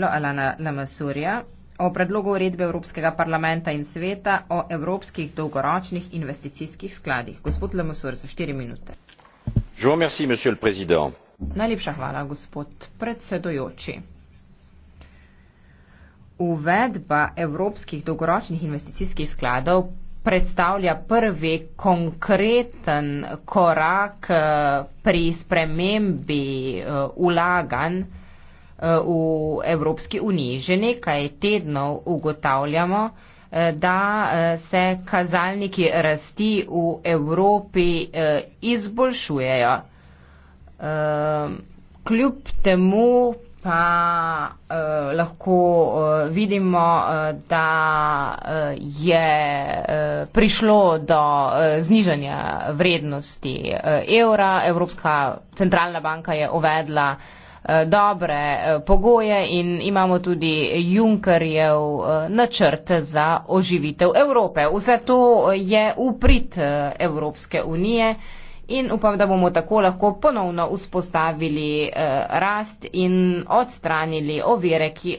Alana Lamasurja o predlogu uredbe Evropskega parlamenta in sveta o evropskih dolgoročnih investicijskih skladih. Gospod Lamasur, za štiri minute. Merci, Najlepša hvala, gospod predsedujoči. Uvedba evropskih dolgoročnih investicijskih skladov predstavlja prvi konkreten korak eh, pri spremembi vlaganj eh, Eh, v Evropski uniji. Že nekaj tednov ugotavljamo, eh, da eh, se kazalniki rasti v Evropi izboljšujejo. Kljub temu pa lahko vidimo, da je prišlo do znižanja vrednosti evra. Evropska centralna banka je uvedla Eh, dobre eh, pogoje in imamo tudi Junkerjev eh, načrt za oživitev Evrope. Vse to je uprit Evropske unije in upam, da bomo tako lahko ponovno vzpostavili rast in odstranili ovire, ki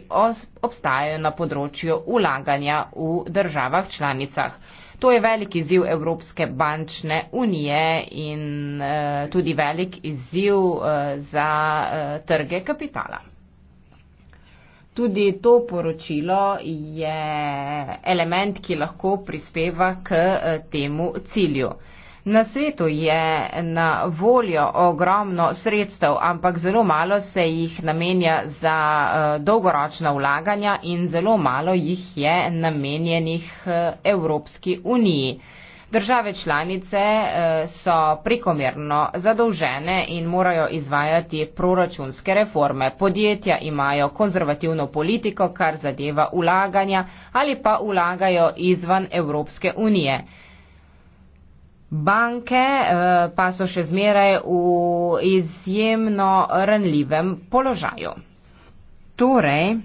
obstajajo na področju ulaganja v državah članicah. To je velik izziv Evropske bančne unije in uh, tudi velik izziv uh, za uh, trge kapitala. Tudi to poročilo je element, ki lahko prispeva k uh, temu cilju. Uh, Na svetu je na voljo ogromno sredstev, ampak zelo malo se jih namenja za eh, dolgoročna vlaganja in zelo malo jih je namenjenih eh, Evropski uniji. Države članice eh, so prekomerno zadolžene in morajo izvajati proračunske reforme. Podjetja imajo konzervativno politiko, kar zadeva vlaganja ali pa vlagajo izvan Evropske unije. Banke eh, pa so še zmeraj v izjemno ranljivem položaju. Torej,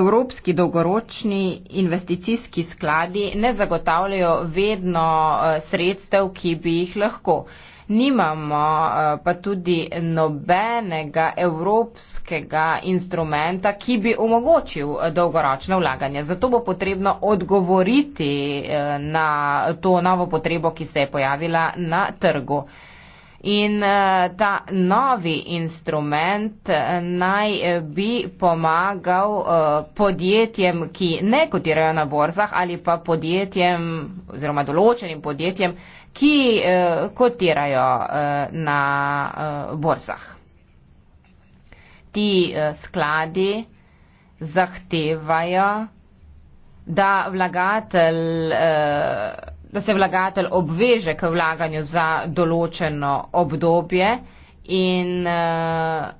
evropski dolgoročni investicijski skladi ne zagotavljajo vedno eh, sredstev, ki bi jih lahko nimamo eh, pa tudi nobenega evropskega instrumenta, ki bi omogočil eh, dolgoročno vlaganje. Zato bo potrebno odgovoriti eh, na to novo potrebo, ki se je pojavila na trgu. In ta novi instrument naj bi pomagal podjetjem, ki ne kotirajo na borzah ali pa podjetjem oziroma določenim podjetjem, ki eh, kotirajo eh, na eh, borzah. Ti eh, skladi zahtevajo, da, vlagatelj, eh, da se vlagatelj obveže k vlaganju za določeno obdobje in eh,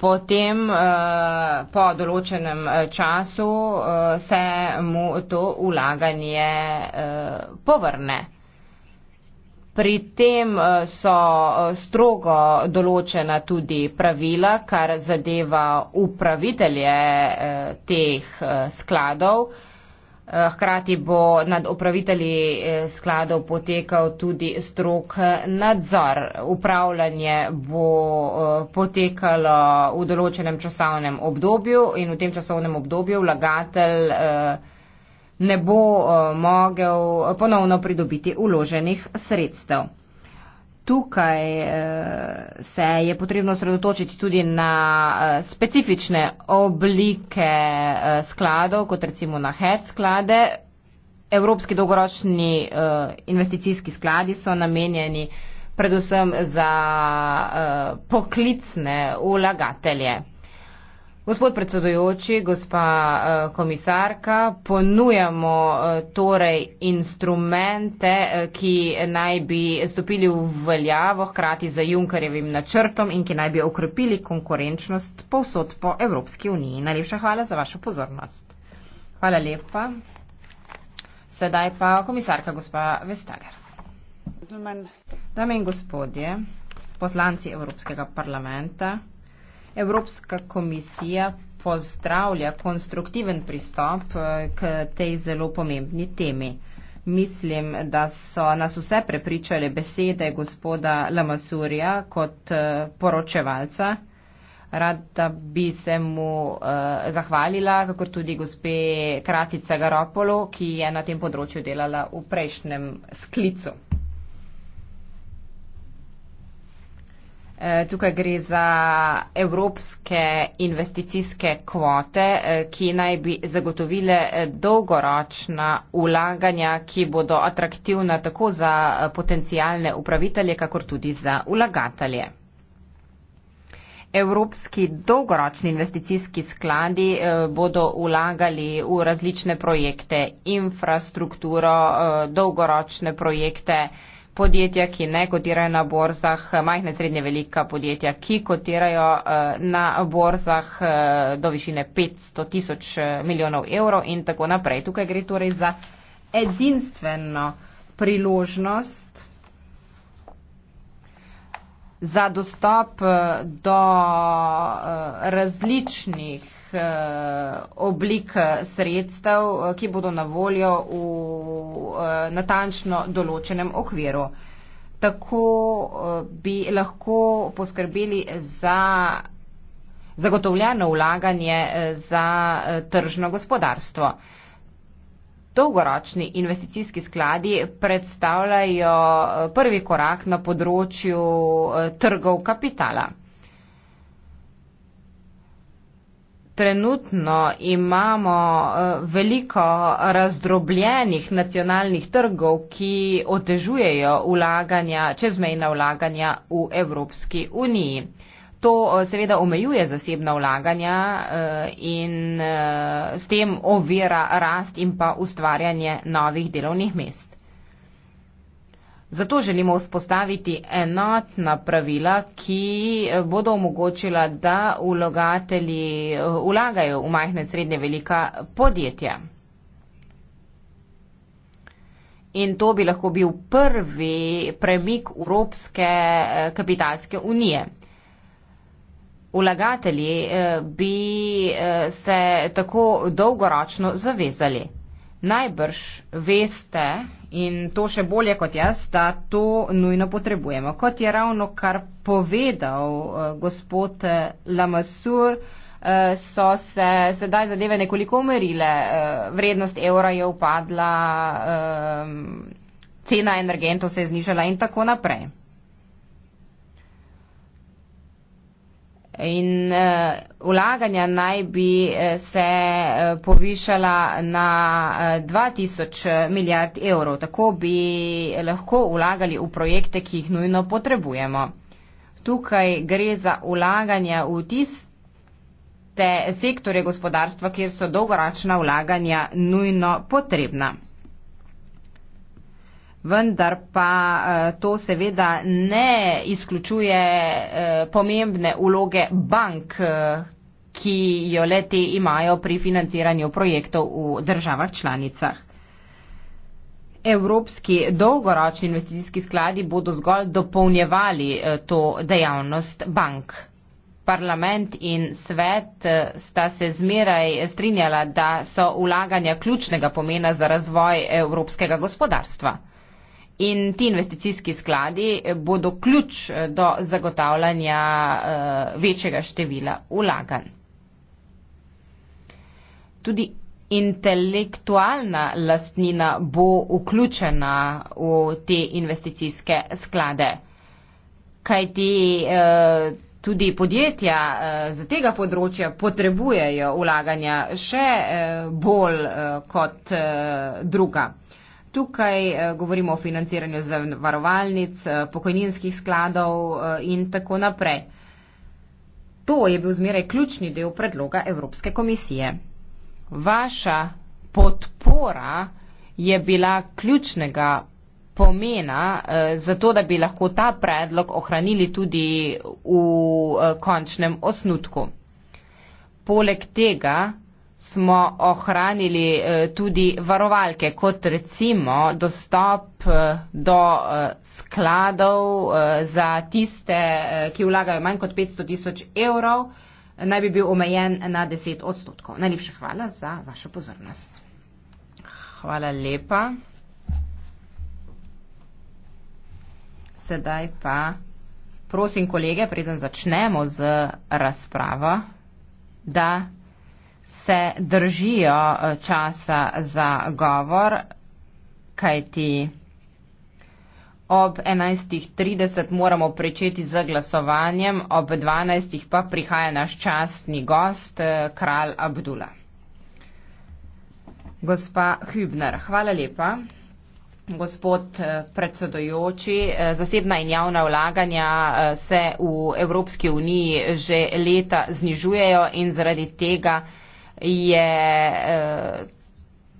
Potem eh, po določenem eh, času eh, se mu to ulaganje povrne. Pri tem eh, so eh, strogo določena tudi pravila, kar zadeva upravitelje eh, teh skladov. Hkrati bo nad upravitelji skladov potekal tudi strok nadzor. Upravljanje bo potekalo v določenem časovnem obdobju in v tem časovnem obdobju vlagatelj ne bo eh, mogel eh, ponovno pridobiti uloženih sredstev. Tukaj eh, se je potrebno sredotočiti tudi na specifične oblike skladov, kot recimo na HED sklade. Evropski dolgoročni investicijski skladi so namenjeni predvsem za poklicne vlagatelje. Gospod predsedujoči, gospa eh, komisarka, ponujamo eh, torej instrumente, eh, ki naj bi stopili v veljavo hkrati za Junkarjevim načrtom in ki naj bi okrepili konkurenčnost povsod po Evropski uniji. Najlepša hvala za vašo pozornost. Hvala lepa. Sedaj pa komisarka gospa Vestager. Dame in gospodje, poslanci Evropskega parlamenta. Evropska komisija pozdravlja konstruktiven pristop eh, k tej zelo pomembni temi. Mislim, da so nas vse prepričali besede gospoda Lamasurja kot eh, poročevalca. Rada bi se mu eh, zahvalila, kakor tudi gospe Kratice Garopolo, ki je na tem področju delala v prejšnjem sklicu. Eh, tukaj gre za evropske investicijske kvote, eh, ki naj bi zagotovile eh, dolgoročna ulaganja, ki bodo atraktivna tako za potencijalne upravitelje, kakor tudi za ulagatelje. Evropski dolgoročni investicijski skladi bodo ulagali v različne projekte, infrastrukturo, dolgoročne projekte, podjetja, ki ne kotirajo na borzah, majhne, srednje, velika podjetja, ki kotirajo eh, na borzah eh, do višine 500 tisoč eh, milijonov evrov in tako naprej. Tukaj gre torej za edinstveno priložnost za dostop do različnih Eh, oblik eh, sredstev, eh, ki bodo na voljo v natančno določenem okviru. Tako bi lahko poskrbeli za zagotovljeno vlaganje za tržno gospodarstvo. Dolgoročni investicijski skladi predstavljajo prvi korak na področju trgov kapitala. trenutno imamo eh, veliko razdrobljenih nacionalnih trgov, ki otežujejo vlaganja, čezmejna vlaganja v Evropski uniji. To eh, seveda omejuje zasebna vlaganja eh, in s tem ovira rast in pa ustvarjanje novih delovnih mest. Zato želimo vzpostaviti enotna pravila, ki eh, bodo omogočila, da vlagatelji eh, vlagajo v majhne srednje velika podjetja. In to bi lahko bil prvi premik Evropske eh, kapitalske unije. Vlagatelji bi se tako dolgoročno zavezali. Najbrž veste, in to še bolje kot jaz, da to nujno potrebujemo. Kot je ravno kar povedal eh, gospod eh, Lamasur, eh, so se sedaj zadeve nekoliko umerile. Vrednost evra je upadla, cena energentov se je znižala in tako naprej. In uh, eh, ulaganja naj bi eh, se uh, povišala na uh, 2000 milijard evrov. Tako bi lahko ulagali v projekte, ki jih nujno potrebujemo. Tukaj gre za ulaganja v tiste sektore gospodarstva, kjer so dolgoročna ulaganja nujno potrebna vendar pa eh, to seveda ne izključuje eh, pomembne uloge bank, eh, ki jo le te imajo pri financiranju projektov v državah članicah. Evropski dolgoročni investicijski skladi bodo zgolj dopolnjevali to dejavnost bank. Parlament in svet sta se zmeraj strinjala, da so vlaganja ključnega pomena za razvoj evropskega gospodarstva. In ti investicijski skladi eh, bodo ključ eh, do zagotavljanja eh, večjega števila vlaganj. Tudi intelektualna lastnina bo vključena v te investicijske sklade, kajti tudi podjetja za tega področja potrebujejo vlaganja še bolj kot druga. Tukaj eh, govorimo o financiranju zavarovalnic, eh, pokojninskih skladov eh, in tako naprej. To je bil zmeraj ključni del predloga Evropske komisije. Vaša podpora je bila ključnega pomena za to, da bi lahko ta predlog ohranili tudi v končnem osnutku. Poleg tega smo ohranili eh, tudi varovalke, kot recimo dostop eh, do eh, skladov za tiste, ki vlagajo manj kot 500 tisoč evrov, naj bi bil omejen na 10 odstotkov. Najlepša hvala za vašo pozornost. Hvala lepa. Sedaj pa prosim kolege, preden začnemo z razpravo, da se držijo eh, časa za govor, kajti ob 11.30 moramo pričeti z glasovanjem, ob 12. pa prihaja naš častni gost, eh, kralj Abdula. Gospa Hübner, hvala lepa. Gospod eh, predsedojoči, zasebna in javna vlaganja se v Evropski uniji že leta znižujejo in zaradi tega je eh,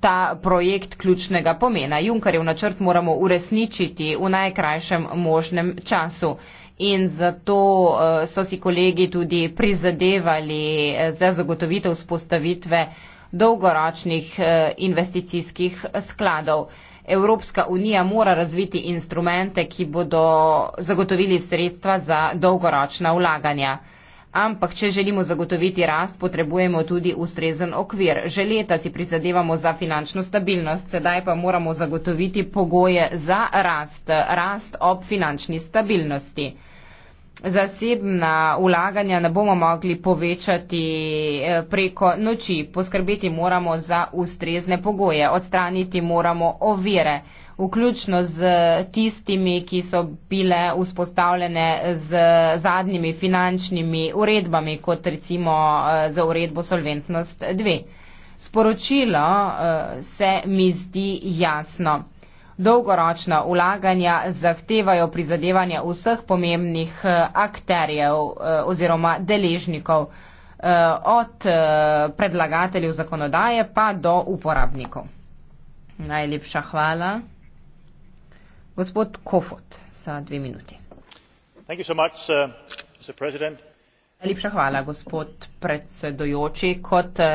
ta projekt ključnega pomena. Junkarjev načrt moramo uresničiti v najkrajšem možnem času. In zato eh, so si kolegi tudi prizadevali eh, za zagotovitev spostavitve dolgoročnih investicijskih skladov. Evropska unija mora razviti instrumente, ki bodo zagotovili sredstva za dolgoročna vlaganja. Ampak, če želimo zagotoviti rast, potrebujemo tudi ustrezen okvir. Že leta si prizadevamo za finančno stabilnost, sedaj pa moramo zagotoviti pogoje za rast, rast ob finančni stabilnosti. Zasebna ulaganja ne bomo mogli povečati eh, preko noči, poskrbeti moramo za ustrezne pogoje, odstraniti moramo ovire vključno z tistimi, ki so bile vzpostavljene z zadnjimi finančnimi uredbami, kot recimo eh, z uredbo Solventnost 2. Sporočilo eh, se mi zdi jasno. Dolgoročna ulaganja zahtevajo prizadevanja vseh pomembnih eh, akterjev oziroma deležnikov, od predlagateljev zakonodaje pa do uporabnikov. Najlepša hvala gospod kofod za dve minuti uh, najlepša hvala gospod predsedujoči kot uh,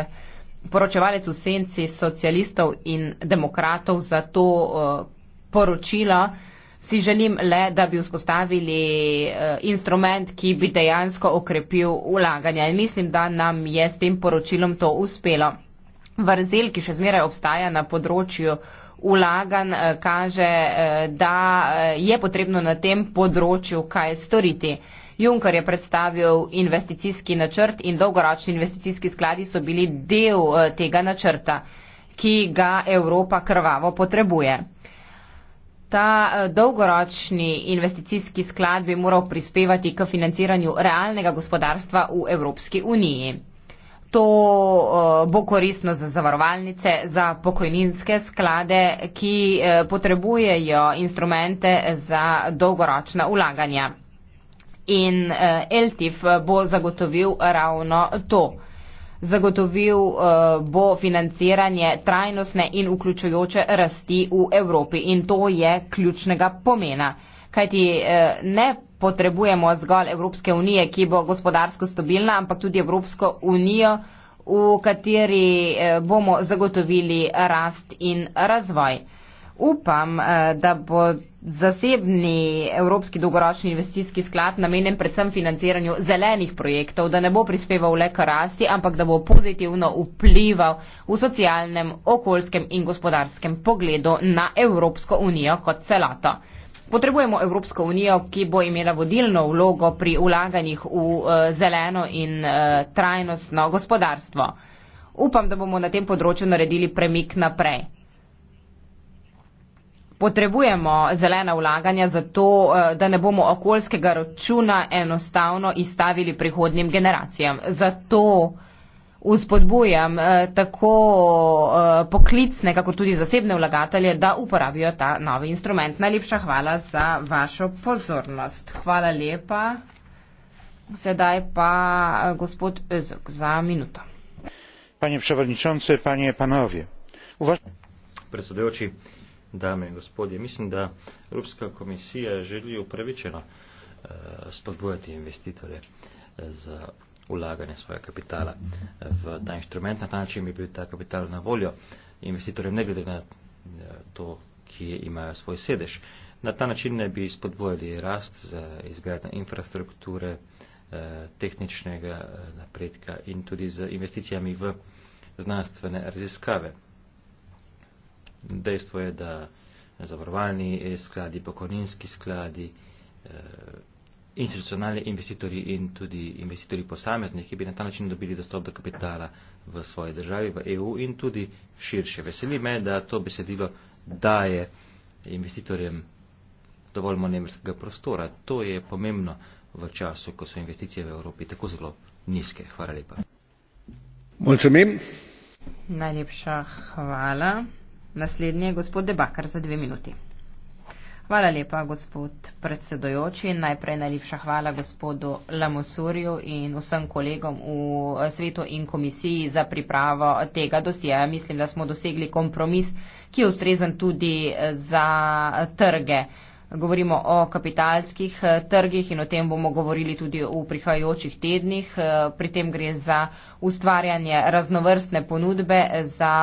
poročevalec v senci socialistov in demokratov za to uh, poročilo si želim le da bi vzpostavili instrument ki bi dejansko okrepil vlaganja in mislim da nam je s tem poročilom to uspelo vrzel, ki še zmeraj obstaja na področju ulagan, eh, kaže, eh, da eh, je potrebno na tem področju kaj storiti. Junker je predstavil investicijski načrt in dolgoročni investicijski skladi so bili del tega načrta, ki ga Evropa krvavo potrebuje. Ta dolgoročni investicijski sklad bi moral prispevati k financiranju realnega gospodarstva v Evropski uniji to eh, bo koristno za zavarovalnice, za pokojninske sklade, ki eh, potrebujejo instrumente za dolgoročna ulaganja. In eh, LTIF bo zagotovil ravno to. Zagotovil bo financiranje trajnostne in vključujoče rasti v Evropi in to je ključnega pomena. Kajti ne potrebujemo zgolj Evropske unije, ki bo gospodarsko stabilna, ampak tudi Evropsko unijo, v kateri eh, bomo zagotovili rast in razvoj. Upam, eh, da bo zasebni Evropski dolgoročni investijski sklad namenjen predvsem financiranju zelenih projektov, da ne bo prispeval le k rasti, ampak da bo pozitivno vplival v socialnem, okoljskem in gospodarskem pogledu na Evropsko unijo kot celoto. Potrebujemo Evropsko unijo, ki bo imela vodilno vlogo pri ulaganjih v eh, zeleno in eh, trajnostno gospodarstvo. Upam, da bomo na tem področju naredili premik naprej. Potrebujemo zelena ulaganja zato, eh, da ne bomo okoljskega računa enostavno izstavili prihodnim generacijam. Zato vzpodbujam eh, tako eh, poklicne, kako tudi zasebne vlagatelje, da uporabijo ta novi instrument. Najlepša hvala za vašo pozornost. Hvala lepa. Sedaj pa eh, gospod Özok za minuto. Panie predsedujoči, panie panovje. Uvaž... Predsedujoči, dame in gospodje, mislim, da Evropska komisija želi upravičeno spodbujati investitore za vlaganje svojega kapitala eh, v ta inštrument, na ta način bi bil ta kapital na voljo investitorjem, ne glede na eh, to, ki imajo svoj sedež. Na ta način ne bi spodbojali rast za izgradnjo infrastrukture, eh, tehničnega napredka in tudi z investicijami v znanstvene raziskave. Dejstvo je, da zavarovalni skladi, pokojninski skladi, institucionalni investitorji in tudi investitorji posameznih, ki bi na ta način dobili dostop do kapitala v svoji državi, v EU in tudi širše. Veseli me, da to besedilo daje investitorjem dovolj manevrskega prostora. To je pomembno v času, ko so investicije v Evropi tako zelo nizke. Hvala lepa. Najlepša hvala. Naslednji je gospod Debakar za dve minuti. Hvala lepa, gospod predsedojoči. Najprej najlepša hvala gospodu Lamosurju in vsem kolegom v eh, svetu in komisiji za pripravo tega dosjeja. Mislim, da smo dosegli kompromis, ki je ustrezen tudi eh, za trge. Govorimo o kapitalskih eh, trgih in o tem bomo govorili tudi v prihajajočih tednih. Pri tem gre za ustvarjanje raznovrstne ponudbe za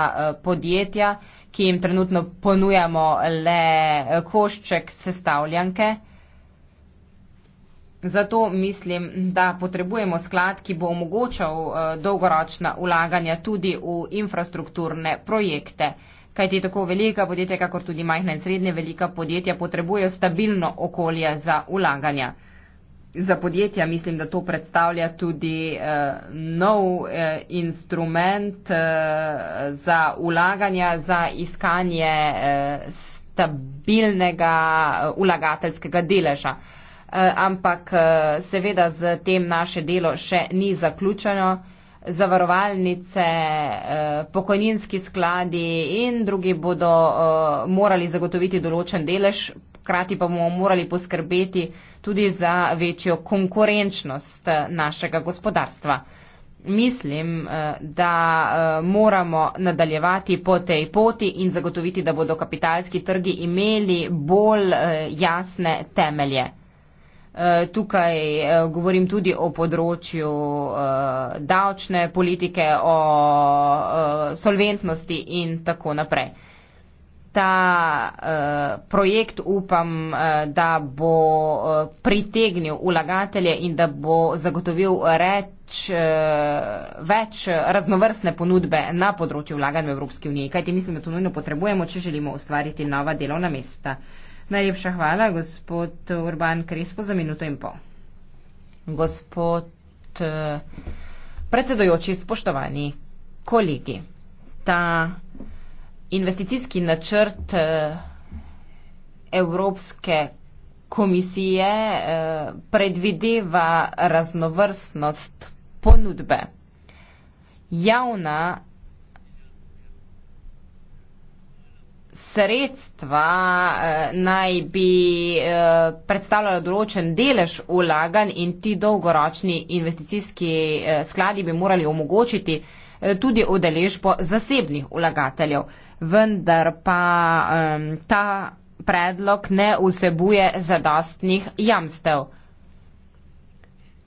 podjetja ki jim trenutno ponujamo le eh, košček sestavljanke. Zato mislim, da potrebujemo sklad, ki bo omogočal eh, dolgoročna ulaganja tudi v infrastrukturne projekte. Kajti tako velika podjetja, kakor tudi majhna in srednje velika podjetja potrebujejo stabilno okolje za ulaganja za podjetja mislim, da to predstavlja tudi uh, nov uh, instrument uh, za ulaganja, za iskanje uh, stabilnega uh, ulagateljskega deleža. Uh, ampak uh, seveda z tem naše delo še ni zaključeno. Zavarovalnice, pokojninski skladi in drugi bodo morali zagotoviti določen delež hkrati pa bomo morali poskrbeti tudi za večjo konkurenčnost eh, našega gospodarstva. Mislim, eh, da eh, moramo nadaljevati po tej poti in zagotoviti, da bodo kapitalski trgi imeli bolj jasne temelje. Tukaj govorim tudi o področju davčne politike, o solventnosti in tako naprej ta uh, projekt upam, uh, da bo uh, pritegnil ulagatelje in da bo zagotovil reč, uh, več raznovrstne ponudbe na področju vlaganj v Evropski uniji. Kajti mislim, da to nujno potrebujemo, če želimo ustvariti nova delovna mesta. Najlepša hvala, gospod Urban Krespo, za minuto in pol. Gospod uh, predsedojoči, spoštovani kolegi. Ta investicijski načrt eh, Evropske komisije eh, predvideva raznovrstnost ponudbe. Javna sredstva eh, naj bi predstavljala določen delež ulagan in ti dolgoročni investicijski skladi bi morali omogočiti tudi odeležbo zasebnih ulagateljev vendar pa um, ta predlog ne vsebuje zadostnih jamstev.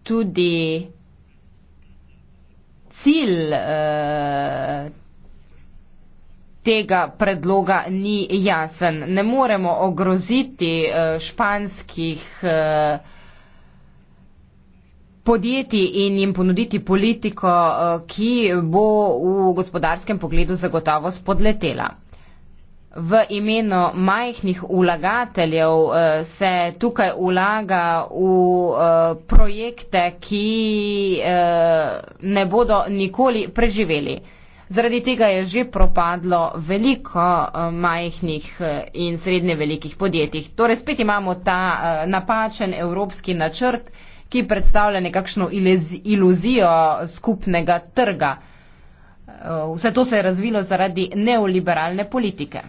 Tudi cilj uh, Tega predloga ni jasen. Ne moremo ogroziti eh, španskih eh, podjetij in jim ponuditi politiko, eh, ki bo v gospodarskem pogledu zagotovo spodletela. V imenu majhnih vlagateljev eh, se tukaj vlaga v eh, projekte, ki ne bodo nikoli preživeli. Zaradi tega je že propadlo veliko majhnih in srednje velikih podjetij. Torej spet imamo ta napačen evropski načrt, ki predstavlja nekakšno iluzijo skupnega trga. Vse to se je razvilo zaradi neoliberalne politike.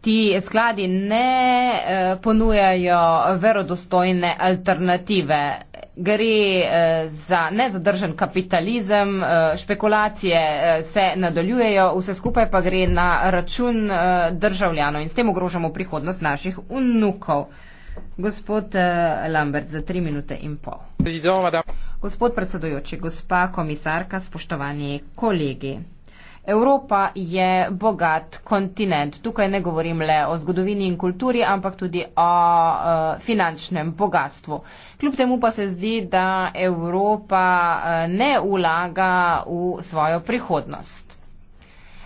ti skladi ne eh, ponujajo verodostojne alternative. Gre eh, za nezadržen kapitalizem, eh, špekulacije se nadaljujejo, vse skupaj pa gre na račun državljanov in s tem ogrožamo prihodnost naših vnukov. Gospod Lambert, za tri minute in pol. Gospod predsedujoči, gospa komisarka, spoštovani kolegi. Evropa je bogat kontinent. Tukaj ne govorim le o zgodovini in kulturi, ampak tudi o uh, finančnem bogatstvu. Kljub temu pa se zdi, da Evropa uh, ne ulaga v svojo prihodnost.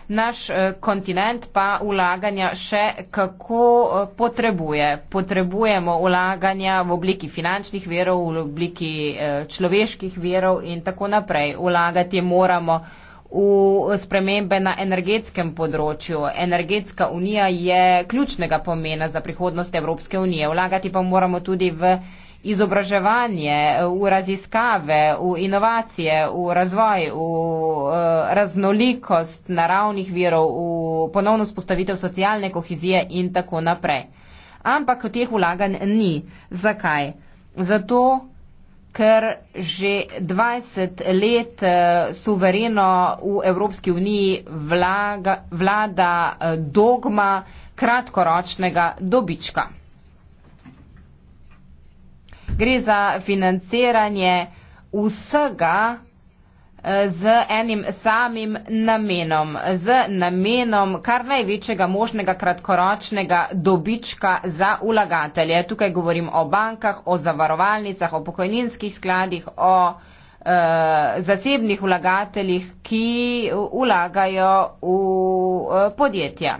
Naš uh, kontinent pa ulaganja še kako uh, potrebuje. Potrebujemo ulaganja v obliki finančnih verov, v obliki uh, človeških verov in tako naprej. Ulagati moramo v spremembe na energetskem področju. Energetska unija je ključnega pomena za prihodnost Evropske unije. Vlagati pa moramo tudi v izobraževanje, v raziskave, v inovacije, v razvoj, v eh, raznolikost naravnih virov, v ponovno spostavitev socialne kohezije in tako naprej. Ampak teh vlaganj ni. Zakaj? Zato, ker že 20 let eh, suvereno v Evropski uniji vlaga, vlada eh, dogma kratkoročnega dobička. Gre za financiranje vsega, z enim samim namenom, z namenom kar največjega možnega kratkoročnega dobička za ulagatelje. Tukaj govorim o bankah, o zavarovalnicah, o pokojninskih skladih, o e, zasebnih vlagateljih, ki vlagajo v e, podjetja.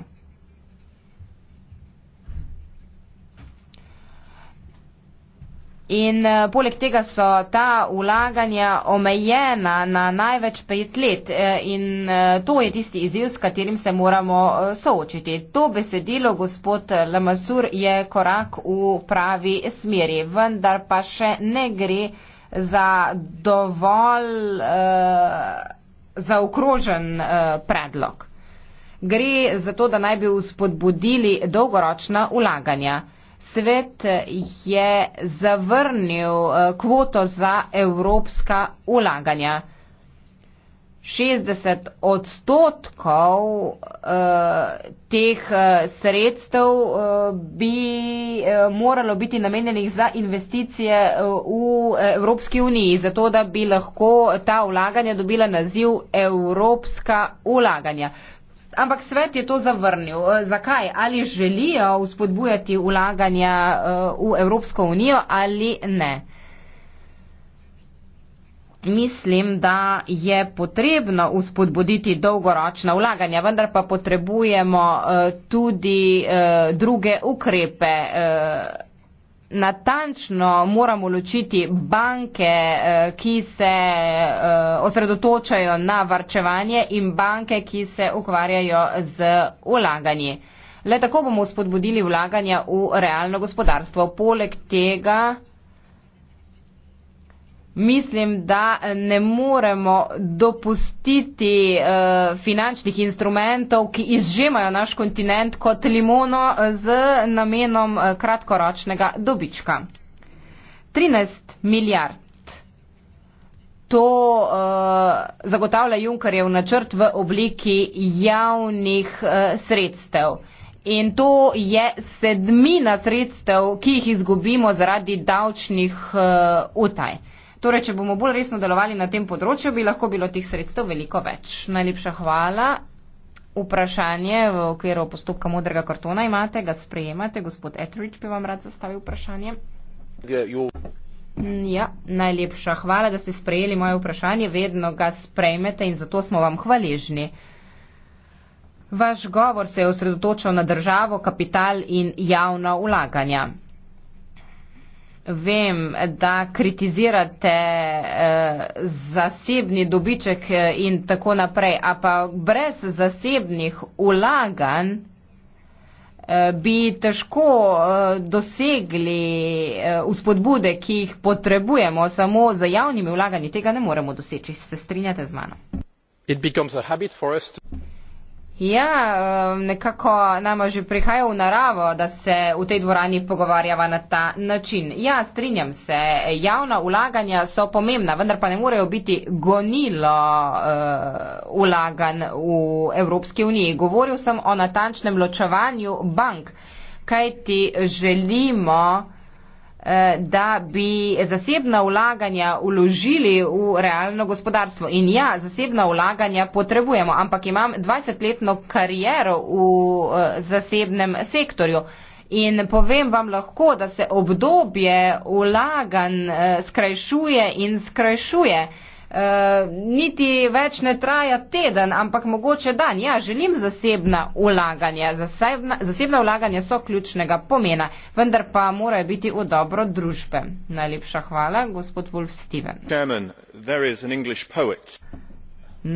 In eh, poleg tega so ta vlaganja omejena na največ pet let eh, in eh, to je tisti izziv, s katerim se moramo soočiti. To besedilo, gospod Lamasur, je korak v pravi smeri, vendar pa še ne gre za dovolj eh, zaokrožen eh, predlog. Gre za to, da naj bi uspodbudili dolgoročna vlaganja svet je zavrnil eh, kvoto za evropska ulaganja. 60 odstotkov eh, teh eh, sredstev eh, bi eh, moralo biti namenjenih za investicije eh, v eh, Evropski uniji, zato da bi lahko ta ulaganja dobila naziv Evropska ulaganja. Ampak svet je to zavrnil. E, zakaj? Ali želijo vzpodbujati ulaganja e, v Evropsko unijo ali ne? Mislim, da je potrebno uspodbuditi dolgoročna vlaganja, vendar pa potrebujemo uh, tudi uh, druge ukrepe. Uh, natančno moramo ločiti banke, eh, ki se eh, osredotočajo na varčevanje in banke, ki se ukvarjajo z ulaganji. Le tako bomo spodbudili vlaganja v realno gospodarstvo. Poleg tega Mislim, da ne moremo dopustiti uh, finančnih instrumentov, ki izžemajo naš kontinent kot limono eh, z namenom eh, kratkoročnega dobička. 13 milijard. To uh, zagotavlja Junkarjev načrt v obliki javnih uh, sredstev. In to je sedmina sredstev, ki jih izgubimo zaradi davčnih uh, utaj. Torej, če bomo bolj resno delovali na tem področju, bi lahko bilo teh sredstev veliko več. Najlepša hvala. Vprašanje v okviru postopka modrega kartona imate, ga sprejemate. Gospod Etrič bi vam rad zastavil vprašanje. Mm, ja, najlepša hvala, da ste sprejeli moje vprašanje. Vedno ga sprejmete in zato smo vam hvaležni. Vaš govor se je osredotočal na državo, kapital in javna ulaganja. Vem, da kritizirate eh, zasebni dobiček eh, in tako naprej, a pa brez zasebnih ulagan eh, bi težko eh, dosegli eh, vzpodbude, ki jih potrebujemo, samo z javnimi ulaganji tega ne moremo doseči. Se strinjate z mano? Ja, nekako nam že prihaja v naravo, da se v tej dvorani pogovarjava na ta način. Ja, strinjam se, javna ulaganja so pomembna, vendar pa ne morejo biti gonilo uh, eh, ulagan v Evropski uniji. Govoril sem o natančnem ločevanju bank, kaj ti želimo. Eh, da bi zasebna vlaganja uložili v realno gospodarstvo. In ja, zasebna vlaganja potrebujemo, ampak imam 20-letno kariero v eh, zasebnem sektorju. In povem vam lahko, da se obdobje vlagan eh, skrajšuje in skrajšuje. Eh, niti več ne traja teden, ampak mogoče dan. Ja, želim zasebna ulaganja. Zasebna, zasebna ulaganja so ključnega pomena, vendar pa morajo biti v dobro družbe. Najlepša hvala, gospod Wolf Steven. German,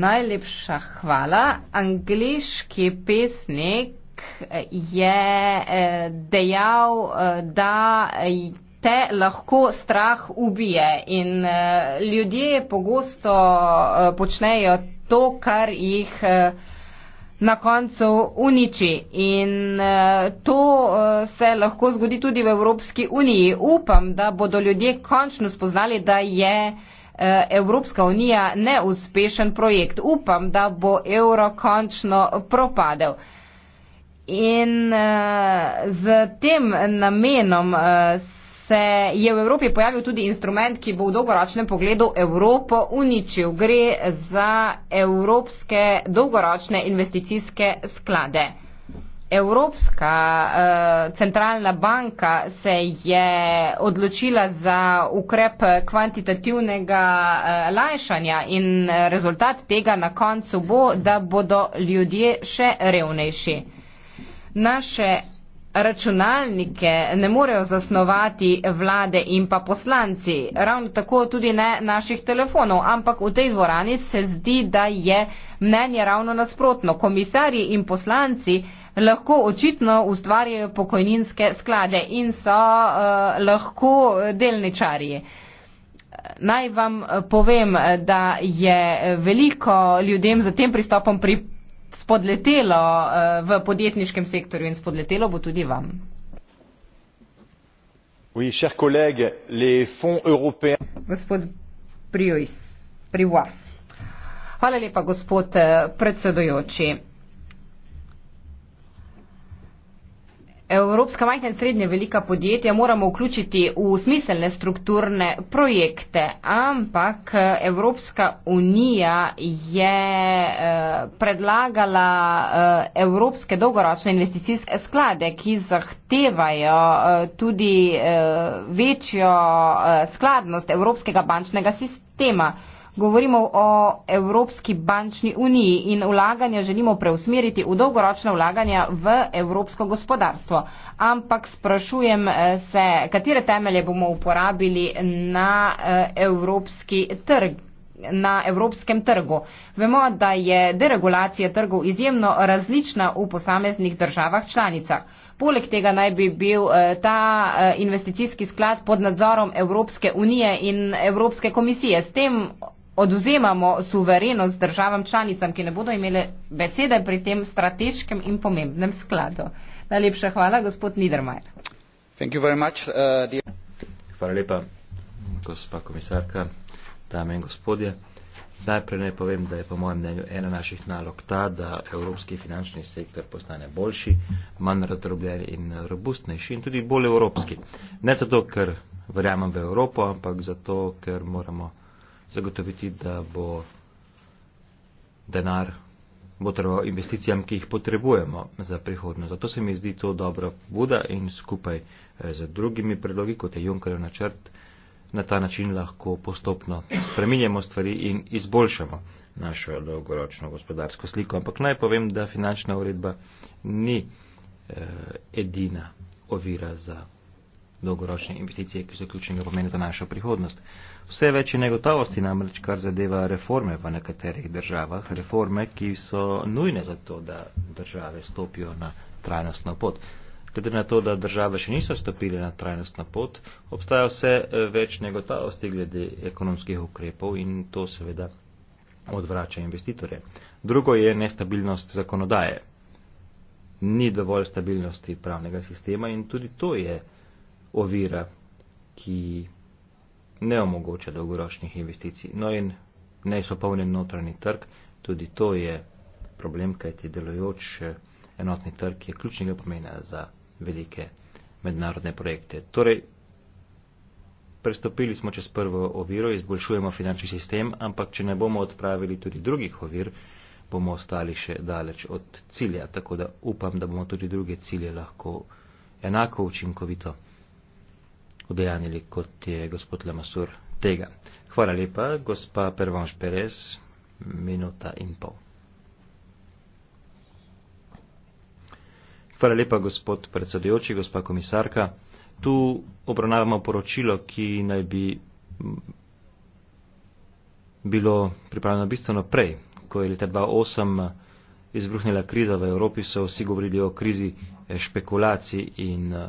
Najlepša hvala. Angliški pesnik je eh, dejal, eh, da te lahko strah ubije in uh, ljudje pogosto uh, počnejo to, kar jih uh, na koncu uniči. In uh, to uh, se lahko zgodi tudi v Evropski uniji. Upam, da bodo ljudje končno spoznali, da je Evropska unija neuspešen projekt. Upam, da bo evro končno propadel. In uh, z tem namenom uh, se je v Evropi pojavil tudi instrument, ki bo v dolgoročnem pogledu Evropo uničil. Gre za evropske dolgoročne investicijske sklade. Evropska eh, centralna banka se je odločila za ukrep kvantitativnega eh, lajšanja in rezultat tega na koncu bo, da bodo ljudje še revnejši. Naše računalnike ne morejo zasnovati vlade in pa poslanci, ravno tako tudi ne naših telefonov, ampak v tej dvorani se zdi, da je mnenje ravno nasprotno. Komisarji in poslanci lahko očitno ustvarjajo pokojninske sklade in so uh, lahko delničarji. Naj vam povem, da je veliko ljudem za tem pristopom pripravljeno spodletelo eh, v podjetniškem sektorju in spodletelo bo tudi vam. Oui, cher collègue, les fonds européens. Gospod Prius, Hvala lepa, gospod eh, predsedujoči. evropska majhna in srednja velika podjetja moramo vključiti v smiselne strukturne projekte, ampak Evropska unija je eh, predlagala eh, evropske dolgoročne investicijske sklade, ki zahtevajo eh, tudi večjo skladnost evropskega bančnega sistema. Govorimo o Evropski bančni uniji in vlaganja želimo preusmeriti v dolgoročna vlaganja v evropsko gospodarstvo. Ampak sprašujem eh, se, katere temelje bomo uporabili na, eh, trg, na evropskem trgu. Vemo, da je deregulacija trgov izjemno različna v posameznih državah članicah. Poleg tega naj bi bil eh, ta investicijski sklad pod nadzorom Evropske unije in Evropske komisije. S tem oduzemamo suverenost državam članicam, ki ne bodo imele besede pri tem strateškem in pomembnem skladu. Najlepša hvala, gospod Niedermayer. Much, uh, hvala lepa, gospa komisarka, dame in gospodje. Najprej naj povem, da je po mojem mnenju ena naših nalog ta, da evropski finančni sektor postane boljši, manj razdrobljen in robustnejši in tudi bolj evropski. Ne zato, ker verjamem v Evropo, ampak zato, ker moramo zagotoviti, da bo denar, bo treba investicijam, ki jih potrebujemo za prihodnost. Zato se mi zdi to dobro buda in skupaj eh, z drugimi predlogi, kot je Junkerjev načrt, na ta način lahko postopno spreminjamo stvari in izboljšamo našo dolgoročno gospodarsko sliko. Ampak naj povem, da finančna uredba ni eh, edina ovira za dolgoročne investicije, ki so ključnega pomena za našo prihodnost. Vse več je negotovosti namreč, kar zadeva reforme v nekaterih državah, reforme, ki so nujne za to, da države stopijo na trajnostno pot. Glede na to, da države še niso stopile na trajnostno pot, obstaja vse eh, več negotovosti glede ekonomskih ukrepov in to seveda odvrača investitore. Drugo je nestabilnost zakonodaje. Ni dovolj stabilnosti pravnega sistema in tudi to je ovira, ki ne omogoča dolgoročnih investicij. No in neizpopolnjen notranji trg, tudi to je problem, kajti delojoč eh, enotni trg je ključnega pomena za velike mednarodne projekte. Torej, prestopili smo čez prvo oviro, izboljšujemo finančni sistem, ampak če ne bomo odpravili tudi drugih ovir, bomo ostali še daleč od cilja. Tako da upam, da bomo tudi druge cilje lahko enako učinkovito udejanili, kot je gospod Lemasur tega. Hvala lepa, gospa Pervanš Perez, minuta in pol. Hvala lepa, gospod predsedujoči, gospa komisarka. Tu obravnavamo poročilo, ki naj bi bilo pripravljeno bistveno prej, ko je leta 2008 izbruhnila kriza v Evropi, so vsi govorili o krizi eh, špekulacij in eh,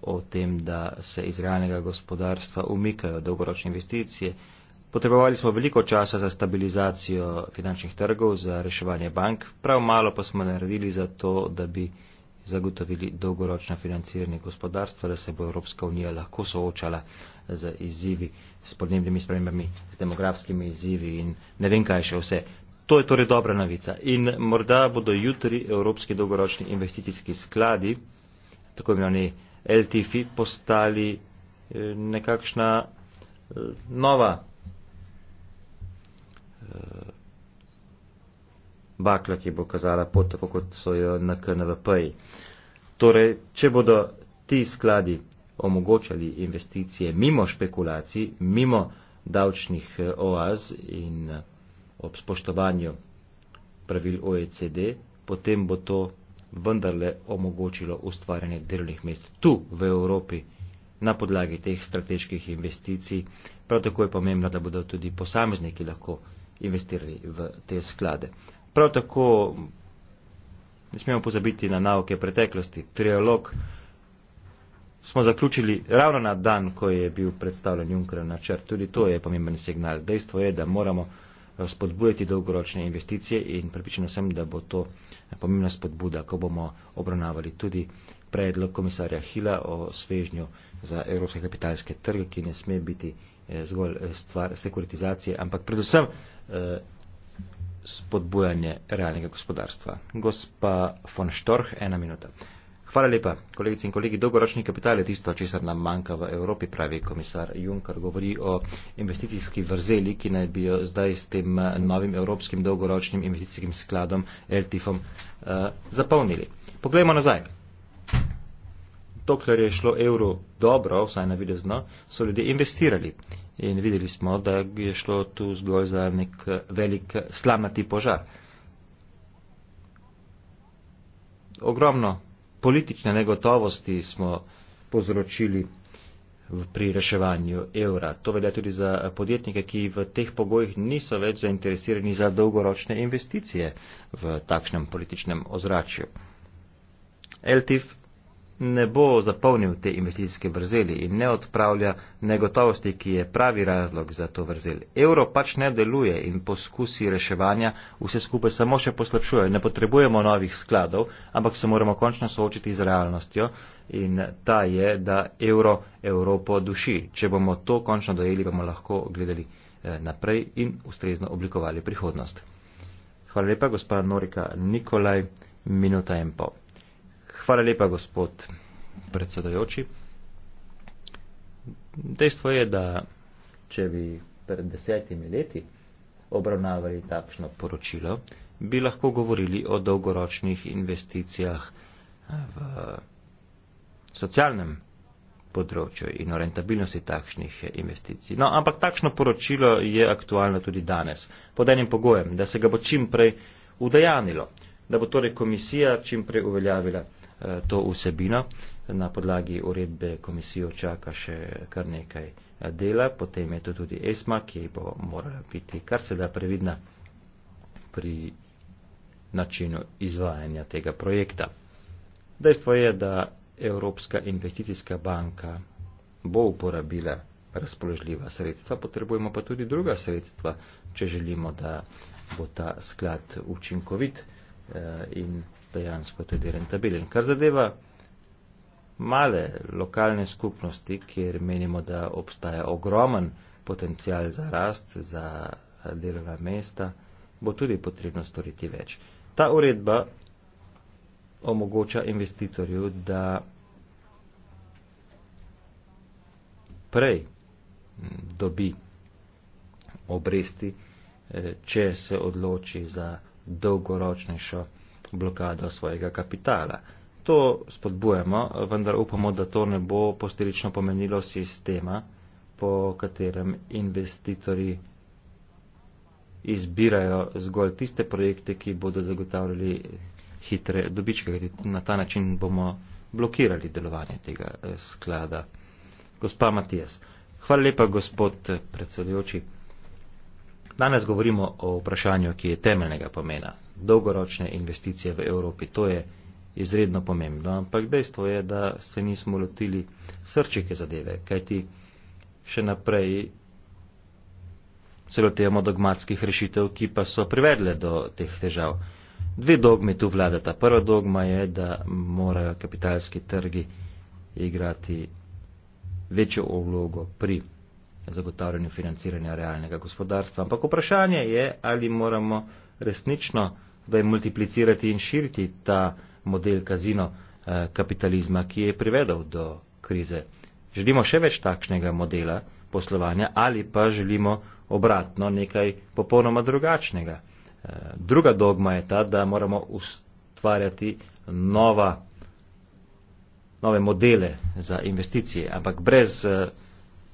o tem, da se iz realnega gospodarstva umikajo dolgoročne investicije. Potrebovali smo veliko časa za stabilizacijo finančnih trgov, za reševanje bank, prav malo pa smo naredili za to, da bi zagotovili dolgoročno financiranje gospodarstva, da se bo Evropska unija lahko soočala z izzivi, s podnebnimi spremembami, z demografskimi izzivi in ne vem kaj še vse. To je torej dobra novica. In morda bodo jutri Evropski dolgoročni investicijski skladi, tako imenovani LTF postali eh, nekakšna eh, nova eh, bakla, ki bo kazala pot, tako kot so jo na KNVP-ji. Torej, če bodo ti skladi omogočali investicije mimo špekulacij, mimo davčnih oaz in ob spoštovanju pravil OECD, potem bo to vendarle omogočilo ustvarjanje delovnih mest tu v Evropi na podlagi teh strateških investicij. Prav tako je pomembno, da bodo tudi posamezniki lahko investirali v te sklade. Prav tako ne smemo pozabiti na nauke preteklosti. Trialog smo zaključili ravno na dan, ko je bil predstavljen Junckerov načrt. Tudi to je pomemben signal. Dejstvo je, da moramo spodbujati dolgoročne investicije in pripričana sem, da bo to pomembna spodbuda, ko bomo obravnavali tudi predlog komisarja Hila o svežnju za evropske kapitalske trge, ki ne sme biti eh, zgolj eh, stvar sekuritizacije, ampak predvsem eh, spodbujanje realnega gospodarstva. Gospa von Storch, ena minuta. Hvala lepa, kolegice in kolegi. Dolgoročni kapital je tisto, česar nam manjka v Evropi, pravi komisar Juncker. Govori o investicijski vrzeli, ki naj bi jo zdaj s tem eh, novim evropskim dolgoročnim investicijskim skladom LTIF-om uh, eh, zapolnili. Poglejmo nazaj. To, kar je šlo evru dobro, vsaj na videzno, so ljudje investirali. In videli smo, da je šlo tu zgolj za nek eh, velik slamati požar. Ogromno politične negotovosti smo povzročili pri reševanju evra. To velja tudi za podjetnike, ki v teh pogojih niso več zainteresirani za dolgoročne investicije v takšnem političnem ozračju. LTIF ne bo zapolnil te investicijske vrzeli in ne odpravlja negotovosti, ki je pravi razlog za to vrzel. Euro pač ne deluje in poskusi reševanja vse skupaj samo še poslabšujejo. Ne potrebujemo novih skladov, ampak se moramo končno soočiti z realnostjo in ta je, da evro Evropo duši. Če bomo to končno dojeli, bomo lahko gledali eh, naprej in ustrezno oblikovali prihodnost. Hvala lepa, gospa Norika Nikolaj, minuta in pol. Hvala lepa, gospod predsedojoči. Dejstvo je, da če bi pred desetimi leti obravnavali takšno poročilo, bi lahko govorili o dolgoročnih investicijah eh, v socialnem področju in o rentabilnosti takšnih investicij. No, ampak takšno poročilo je aktualno tudi danes. Pod enim pogojem, da se ga bo čim prej udejanilo, da bo torej komisija čim prej uveljavila Eh, to vsebino. Na podlagi uredbe komisijo čaka še kar nekaj eh, dela, potem je to tudi ESMA, ki bo morala biti kar se da previdna pri načinu izvajanja tega projekta. Dejstvo je, da Evropska investicijska banka bo uporabila razpoložljiva sredstva, potrebujemo pa tudi druga sredstva, če želimo, da bo ta sklad učinkovit eh, in dejansko tudi rentabilen. Kar zadeva male lokalne skupnosti, kjer menimo, da obstaja ogromen potencial za rast, za eh, delovna mesta, bo tudi potrebno storiti več. Ta uredba omogoča investitorju, da prej mm, dobi obresti, eh, če se odloči za dolgoročnejšo blokado svojega kapitala. To spodbujamo, vendar upamo, da to ne bo posledično pomenilo sistema, po katerem investitorji izbirajo zgolj tiste projekte, ki bodo zagotavljali hitre dobičke. Na ta način bomo blokirali delovanje tega eh, sklada. Gospa Matijas, hvala lepa, gospod eh, predsedujoči. Danes govorimo o vprašanju, ki je temeljnega pomena dolgoročne investicije v Evropi. To je izredno pomembno, ampak dejstvo je, da se nismo lotili srčike zadeve, kajti še naprej se lotevamo dogmatskih rešitev, ki pa so privedle do teh težav. Dve dogmi tu vladata. Prva dogma je, da morajo kapitalski trgi igrati večjo vlogo pri zagotavljanju financiranja realnega gospodarstva. Ampak vprašanje je, ali moramo resnično zdaj multiplicirati in širiti ta model kazino eh, kapitalizma, ki je privedel do krize. Želimo še več takšnega modela poslovanja ali pa želimo obratno nekaj popolnoma drugačnega. Eh, druga dogma je ta, da moramo ustvarjati nova, nove modele za investicije, ampak brez eh,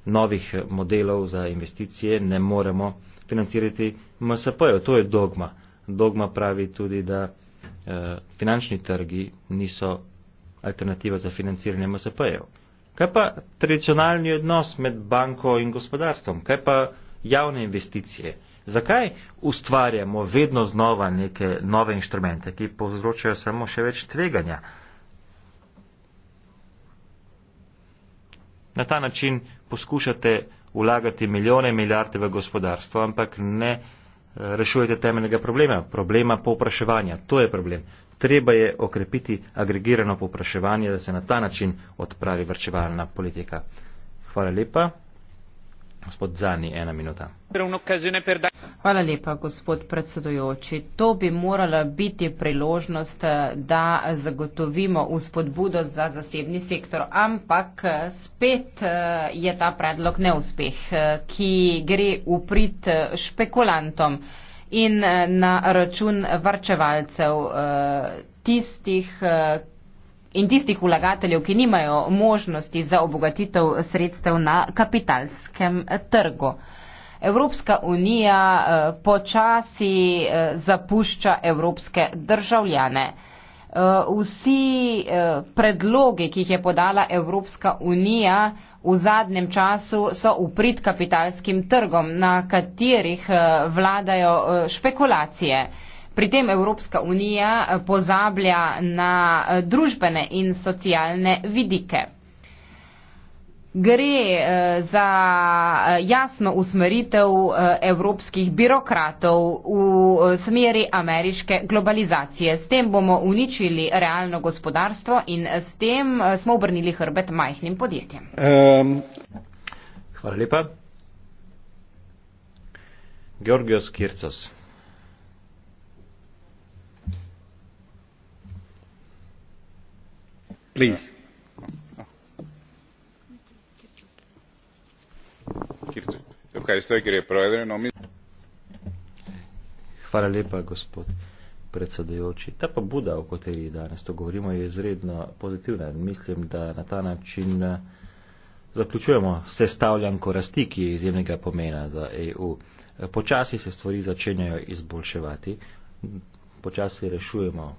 novih modelov za investicije ne moremo financirati MSP-jev. To je dogma dogma pravi tudi, da eh, finančni trgi niso alternativa za financiranje MSP-jev. Kaj pa tradicionalni odnos med banko in gospodarstvom? Kaj pa javne investicije? Zakaj ustvarjamo vedno znova neke nove inštrumente, ki povzročajo samo še več tveganja? Na ta način poskušate vlagati milijone, milijarde v gospodarstvo, ampak ne rešujete temeljnega problema, problema povpraševanja. To je problem. Treba je okrepiti agregirano povpraševanje, da se na ta način odpravi vrčevalna politika. Hvala lepa. Gospod Zani, ena minuta. Hvala lepa, gospod predsedujoči. To bi morala biti priložnost, da zagotovimo vzpodbudo za zasebni sektor, ampak spet eh, je ta predlog neuspeh, eh, ki gre v prid špekulantom in eh, na račun varčevalcev, tistih, in tistih vlagateljev, ki nimajo možnosti za obogatitev sredstev na kapitalskem trgu. Evropska unija eh, počasi eh, zapušča evropske državljane. Eh, vsi predloge, ki jih je podala Evropska unija v zadnjem času, so uprit kapitalskim trgom, na katerih vladajo špekulacije. Pri tem Evropska unija eh, pozablja na eh, družbene in socialne vidike. Gre eh, za jasno usmeritev evropskih birokratov v smeri ameriške globalizacije. S tem bomo uničili realno gospodarstvo in s tem smo obrnili hrbet majhnim podjetjem. Um, hvala lepa. Georgios Kircos. No, hvala lepa gospod predsedujoči ta pobuda o kateri danes to govorimo je izredno pozitivna in mislim da na ta način eh, zaključujemo sestavljanko rasti ki je izjemnega pomena za eu eh, počasi se stvari začenjajo izboljševati počasi rešujemo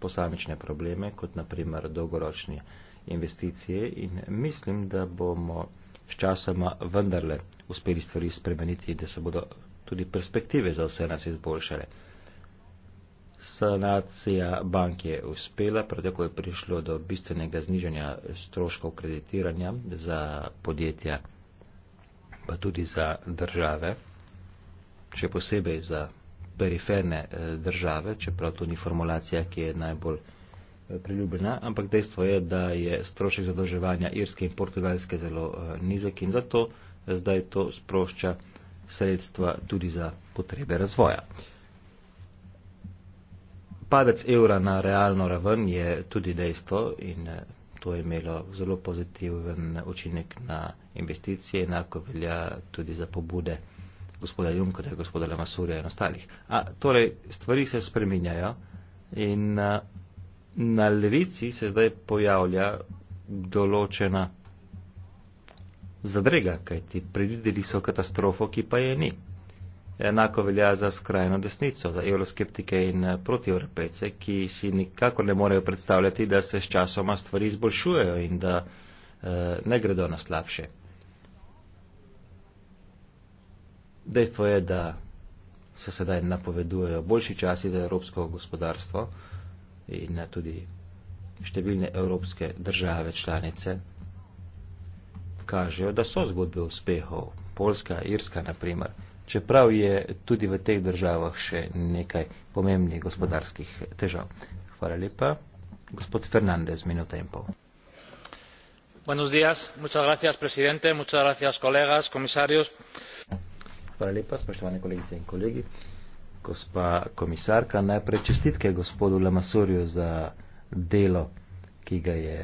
posamične probleme, kot naprimer dolgoročne investicije in mislim, da bomo s časoma vendarle uspeli stvari spremeniti, da se bodo tudi perspektive za vse nas izboljšale. Sanacija bank je uspela, prav tako je prišlo do bistvenega znižanja stroškov kreditiranja za podjetja, pa tudi za države, še posebej za periferne eh, države, čeprav to ni formulacija, ki je najbolj eh, priljubljena, ampak dejstvo je, da je strošek zadolževanja Irske in Portugalske zelo eh, nizek in zato zdaj to sprošča sredstva tudi za potrebe razvoja. Padec evra na realno raven je tudi dejstvo in to je imelo zelo pozitiven učinek na investicije, enako velja tudi za pobude gospoda Junkerja, gospoda Lemasurja in ostalih. A, torej, stvari se spreminjajo in a, na levici se zdaj pojavlja določena zadrega, kajti predvideli so katastrofo, ki pa je ni. Enako velja za skrajno desnico, za evroskeptike in protievropejce, ki si nikakor ne morejo predstavljati, da se s časoma stvari izboljšujejo in da e, ne gredo na slabše. Dejstvo je, da se sedaj napovedujejo boljši časi za evropsko gospodarstvo in tudi številne evropske države članice kažejo, da so zgodbe uspehov. Polska, Irska naprimer. Čeprav je tudi v teh državah še nekaj pomembnih gospodarskih težav. Hvala lepa. Gospod Fernandez, minuta in pol. Buenos días, muchas gracias, presidente, muchas gracias, colegas, comisarios. Hvala lepa, spoštovane kolegice in kolegi. Gospa komisarka, najprej čestitke gospodu Lamasorju za delo, ki ga je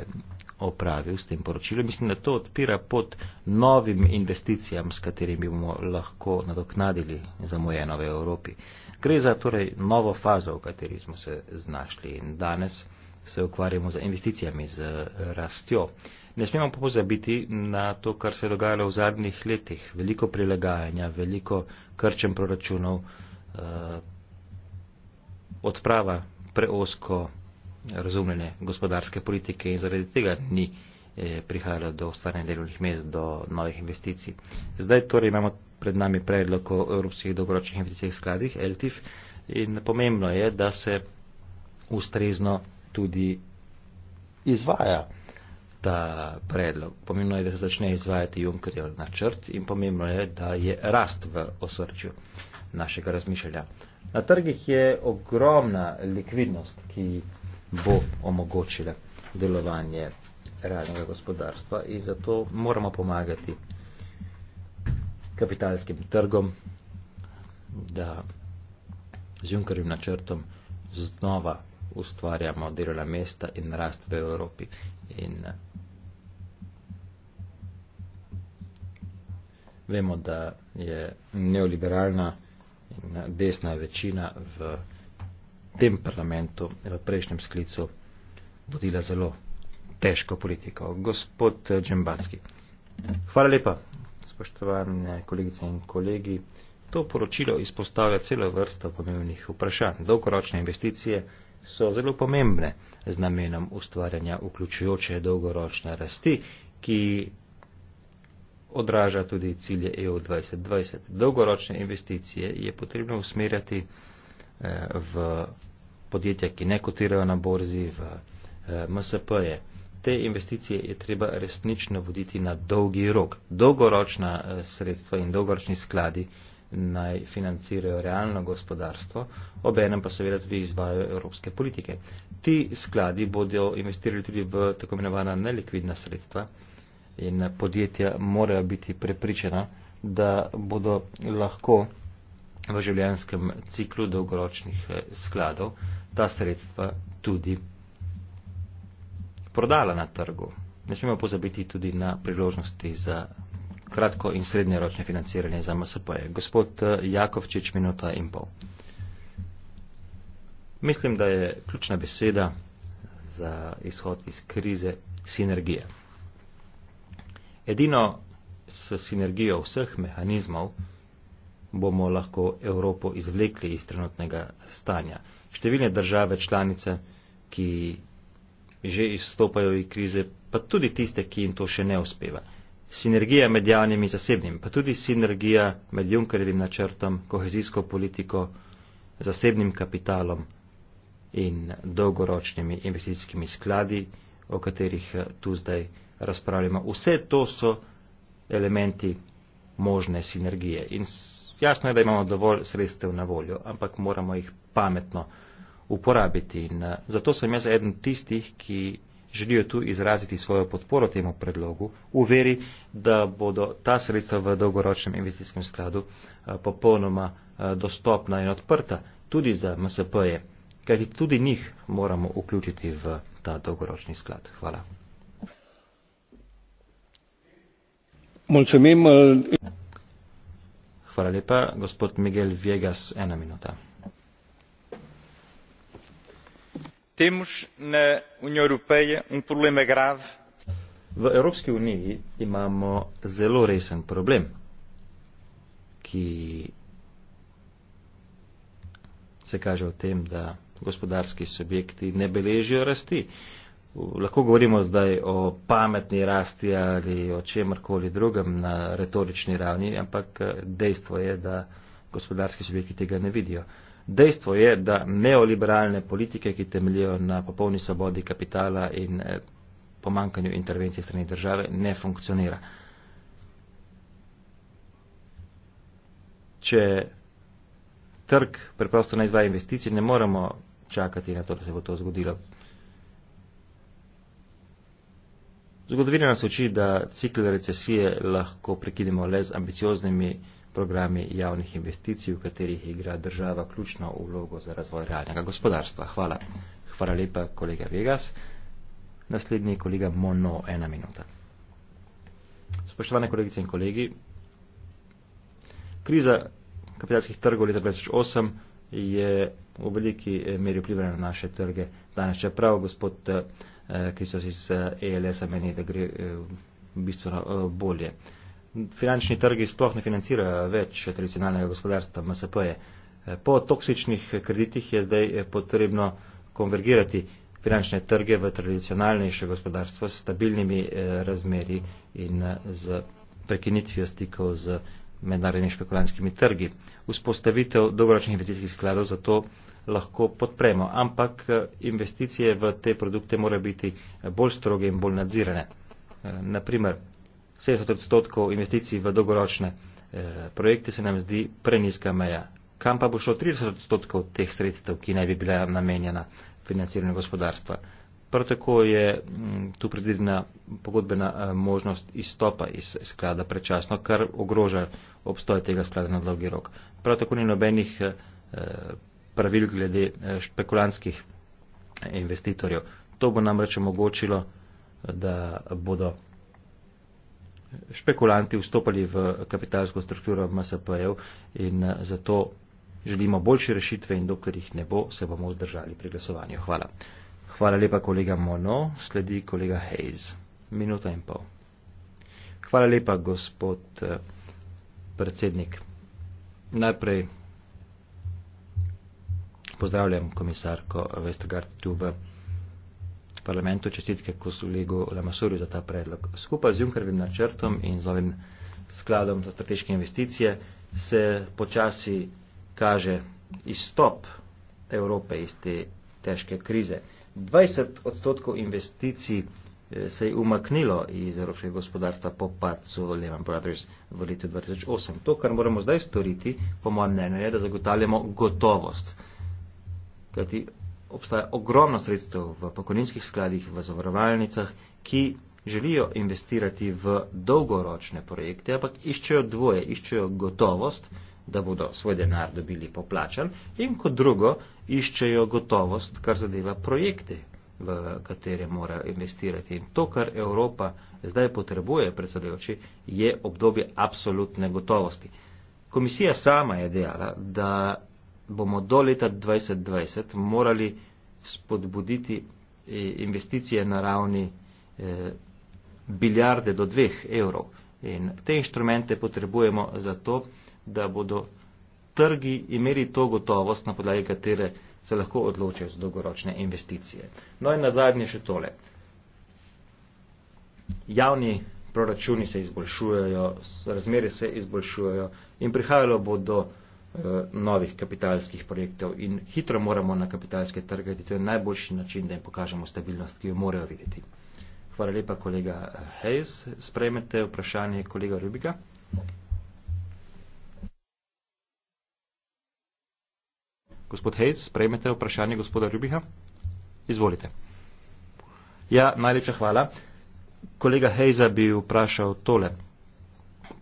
opravil s tem poročilom. Mislim, da to odpira pot novim investicijam, s katerimi bomo lahko nadoknadili zamujeno v Evropi. Gre za torej novo fazo, v kateri smo se znašli in danes se ukvarjamo z investicijami, z eh, rastjo. Ne smemo pa pozabiti na to, kar se je dogajalo v zadnjih letih. Veliko prilagajanja, veliko krčem proračunov, eh, odprava preosko razumljene gospodarske politike in zaradi tega ni eh, prihajalo do ustvarjanja delovnih mest, do novih investicij. Zdaj torej imamo pred nami predlog o evropskih dolgoročnih investicijskih skladih, LTIF, in pomembno je, da se ustrezno tudi izvaja ta predlog. Pomembno je, da se začne izvajati Junkerjev načrt in pomembno je, da je rast v osrčju našega razmišljanja. Na trgih je ogromna likvidnost, ki bo omogočila delovanje realnega gospodarstva in zato moramo pomagati kapitalskim trgom, da z Junkerjem načrtom znova ustvarjamo delovna mesta in rast v Evropi. In eh, vemo, da je neoliberalna in desna večina v tem parlamentu v prejšnjem sklicu vodila zelo težko politiko. Gospod eh, Džembacki. Hvala lepa, spoštovane kolegice in kolegi. To poročilo izpostavlja celo vrsto pomembnih vprašanj. Dolgoročne investicije so zelo pomembne z namenom ustvarjanja vključujoče dolgoročne rasti, ki odraža tudi cilje EU 2020. Dolgoročne investicije je potrebno usmerjati eh, v podjetja, ki ne kotirajo na borzi, v eh, MSP-je. Te investicije je treba resnično voditi na dolgi rok. Dolgoročna eh, sredstva in dolgoročni skladi naj financirajo realno gospodarstvo, ob enem pa seveda tudi izvajo evropske politike. Ti skladi bodo investirali tudi v tako imenovana nelikvidna sredstva in podjetja morajo biti prepričana, da bodo lahko v življenjskem ciklu dolgoročnih eh, skladov ta sredstva tudi prodala na trgu. Ne smemo pozabiti tudi na priložnosti za kratko in srednjeročno financiranje za MSP. -je. Gospod eh, Jakovčič, minuta in pol. Mislim, da je ključna beseda za izhod iz krize sinergija. Edino s sinergijo vseh mehanizmov bomo lahko Evropo izvlekli iz trenutnega stanja. Številne države članice, ki že izstopajo iz krize, pa tudi tiste, ki jim to še ne uspeva sinergija med javnim in zasebnim, pa tudi sinergija med Junkerjevim načrtom, kohezijsko politiko, zasebnim kapitalom in dolgoročnimi investicijskimi skladi, o katerih eh, tu zdaj razpravljamo. Vse to so elementi možne sinergije. In jasno je, da imamo dovolj sredstev na voljo, ampak moramo jih pametno uporabiti. In eh, zato sem jaz eden tistih, ki želijo tu izraziti svojo podporo temu predlogu v veri, da bodo ta sredstva v dolgoročnem investicijskem skladu eh, popolnoma eh, dostopna in odprta tudi za MSP-je, kajti tudi njih moramo vključiti v ta dolgoročni sklad. Hvala. Hvala lepa. Gospod Miguel Viegas, ena minuta. temos na união europeia um problema grave v evropski uniji imamo zelo resen problem ki se kaže v tem da gospodarski subjekti ne beležijo rasti lahko govorimo zdaj o pametni rasti ali o čemarkoli drugem na retorični ravni ampak dejstvo je da gospodarski subjekti tega ne vidijo Dejstvo je, da neoliberalne politike, ki temeljijo na popolni svobodi kapitala in eh, pomankanju intervencij strani države, ne funkcionira. Če trg preprosto naj izvaja investicije, ne moremo čakati na to, da se bo to zgodilo. Zgodovina nas uči, da cikl recesije lahko prekinemo le z ambicioznimi programi javnih investicij, v katerih igra država ključno vlogo za razvoj realnega gospodarstva. Hvala. Hvala lepa, kolega Vegas. Naslednji je kolega Mono, ena minuta. Spoštovane kolegice in kolegi, kriza kapitalskih trgov leta 2008 je v veliki eh, meri vplivala na naše trge danes. Čeprav gospod Kristos eh, iz ELS-a eh, e meni, da gre bistveno bolje finančni trgi sploh ne financirajo več tradicionalnega gospodarstva, MSP-je. Po toksičnih kreditih je zdaj eh, potrebno konvergirati finančne trge v tradicionalnejše gospodarstvo s stabilnimi eh, razmeri in eh, z prekinitvijo stikov z mednarodnimi špekulanskimi trgi. Vzpostavitev dolgoročnih investicijskih skladov zato lahko podpremo, ampak investicije v te produkte morajo biti bolj stroge in bolj nadzirane. Naprimer, 70 odstotkov investicij v dolgoročne eh, projekte se nam zdi preniska meja. Kam pa bo šlo 30 odstotkov teh sredstev, ki naj bi bila namenjena financiranju gospodarstva? Prav tako je mm, tu predvidena pogodbena eh, možnost izstopa iz sklada predčasno, kar ogroža obstoj tega sklada na dolgi rok. Prav tako ni nobenih eh, pravil glede špekulantskih investitorjev. To bo namreč omogočilo, da bodo špekulanti vstopali v kapitalsko strukturo MSP-jev in eh, zato želimo boljše rešitve in dokler jih ne bo, se bomo vzdržali pri glasovanju. Hvala. Hvala lepa kolega Mono, sledi kolega Hayes. Minuta in pol. Hvala lepa gospod eh, predsednik. Najprej pozdravljam komisarko Vestergaard Tube parlamentu čestitke kolegu Lamasuru za ta predlog. Skupaj z Junkerjem načrtom in z novim skladom za strateške investicije se počasi kaže izstop Evrope iz te težke krize. 20 odstotkov investicij eh, se je umaknilo iz evropskega gospodarstva po padcu Lehman Brothers v letu 2008. To, kar moramo zdaj storiti, po mojem mnenju, je, da zagotavljamo gotovost. Kajti obstaja ogromno sredstev v pokojninskih skladih, v zavarovalnicah, ki želijo investirati v dolgoročne projekte, ampak iščejo dvoje, iščejo gotovost, da bodo svoj denar dobili poplačan in kot drugo iščejo gotovost, kar zadeva projekte, v katere mora investirati. In to, kar Evropa zdaj potrebuje, predsedujoči, je obdobje absolutne gotovosti. Komisija sama je dejala, da bomo do leta 2020 morali spodbuditi eh, investicije na ravni eh, biljarde do dveh evrov. In te inštrumente potrebujemo zato, da bodo trgi imeli to gotovost, na podlagi katere se lahko odločajo za dolgoročne investicije. No in na zadnje še tole. Javni proračuni se izboljšujejo, razmere se izboljšujejo in prihajalo bo do Eh, novih kapitalskih projektov in hitro moramo na kapitalske trge, to je najboljši način, da jim pokažemo stabilnost, ki jo morajo videti. Hvala lepa, kolega eh, Hayes. Sprejmete vprašanje kolega Rubiga. Gospod Hayes, sprejmete vprašanje gospoda Rubiga. Izvolite. Ja, najlepša hvala. Kolega Hayesa bi vprašal tole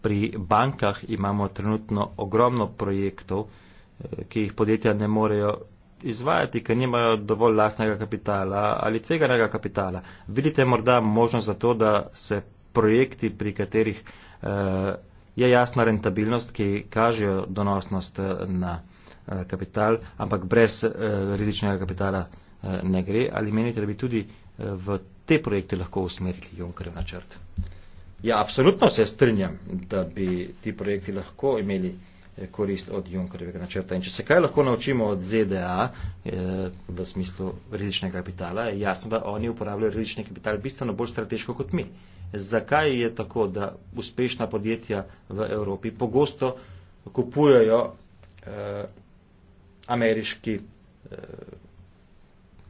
pri bankah imamo trenutno ogromno projektov, eh, ki jih podjetja ne morejo izvajati, ker nimajo dovolj lastnega kapitala ali tveganega kapitala. Vidite morda možnost za to, da se projekti, pri katerih eh, je jasna rentabilnost, ki kažejo donosnost eh, na kapital, ampak brez rizičnega kapitala ne gre, ali menite, da bi tudi v te projekte lahko usmerili Junkerjev načrt? Ja, absolutno se strinjam, da bi ti projekti lahko imeli eh, korist od Junkerjevega načrta. In če se kaj lahko naučimo od ZDA eh, v smislu rizičnega kapitala, je jasno, da oni uporabljajo rizični kapital bistveno bolj strateško kot mi. Zakaj je tako, da uspešna podjetja v Evropi pogosto kupujajo eh, ameriški eh,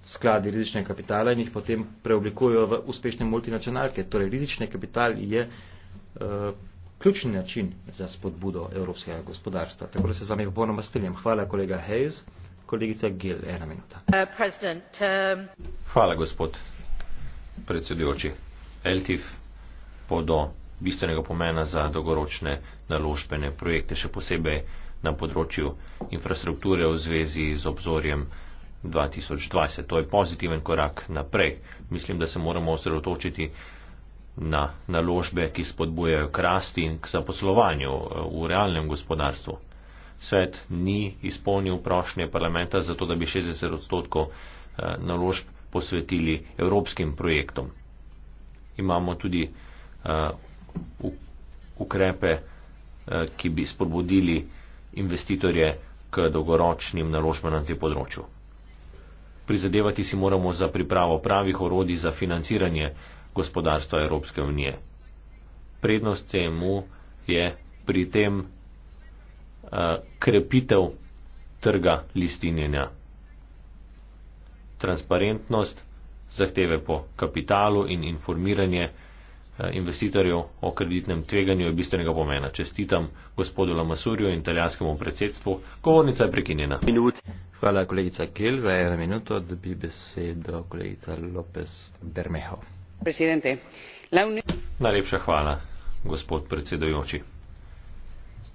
skladi rizičnega kapitala in jih potem preoblikujejo v uspešne multinacionalke. Torej, rizični kapital je uh, ključni način za spodbudo evropskega gospodarstva. Tako da se z vami popolnoma strinjam. Hvala, kolega Hayes. Kolegica Gill, ena minuta. Uh, um... Hvala, gospod predsedujoči. LTIF bo do bistvenega pomena za dolgoročne naložbene projekte, še posebej na področju infrastrukture v zvezi z obzorjem 2020. To je pozitiven korak naprej. Mislim, da se moramo osredotočiti na naložbe, ki spodbujajo k rasti in k zaposlovanju eh, v realnem gospodarstvu. Svet ni izpolnil prošnje parlamenta za to, da bi 60 odstotkov eh, naložb posvetili evropskim projektom. Imamo tudi uh, ukrepe, uh, ki bi spodbudili investitorje k dolgoročnim naložbam na tem področju prizadevati si moramo za pripravo pravih orodij za financiranje gospodarstva Evropske unije. Prednost CMU je pri tem uh, krepitev trga listinjenja. Transparentnost, zahteve po kapitalu in informiranje. Eh, investitorjev o kreditnem tveganju je bistvenega pomena. Čestitam gospodu Lamasurju in italijanskemu predsedstvu. Govornica je prekinjena. Minut. Hvala, kolegica Kel, za eno minuto, da bi besedo kolegica Lopez Bermeho. Unij... Najlepša hvala, gospod predsedojoči.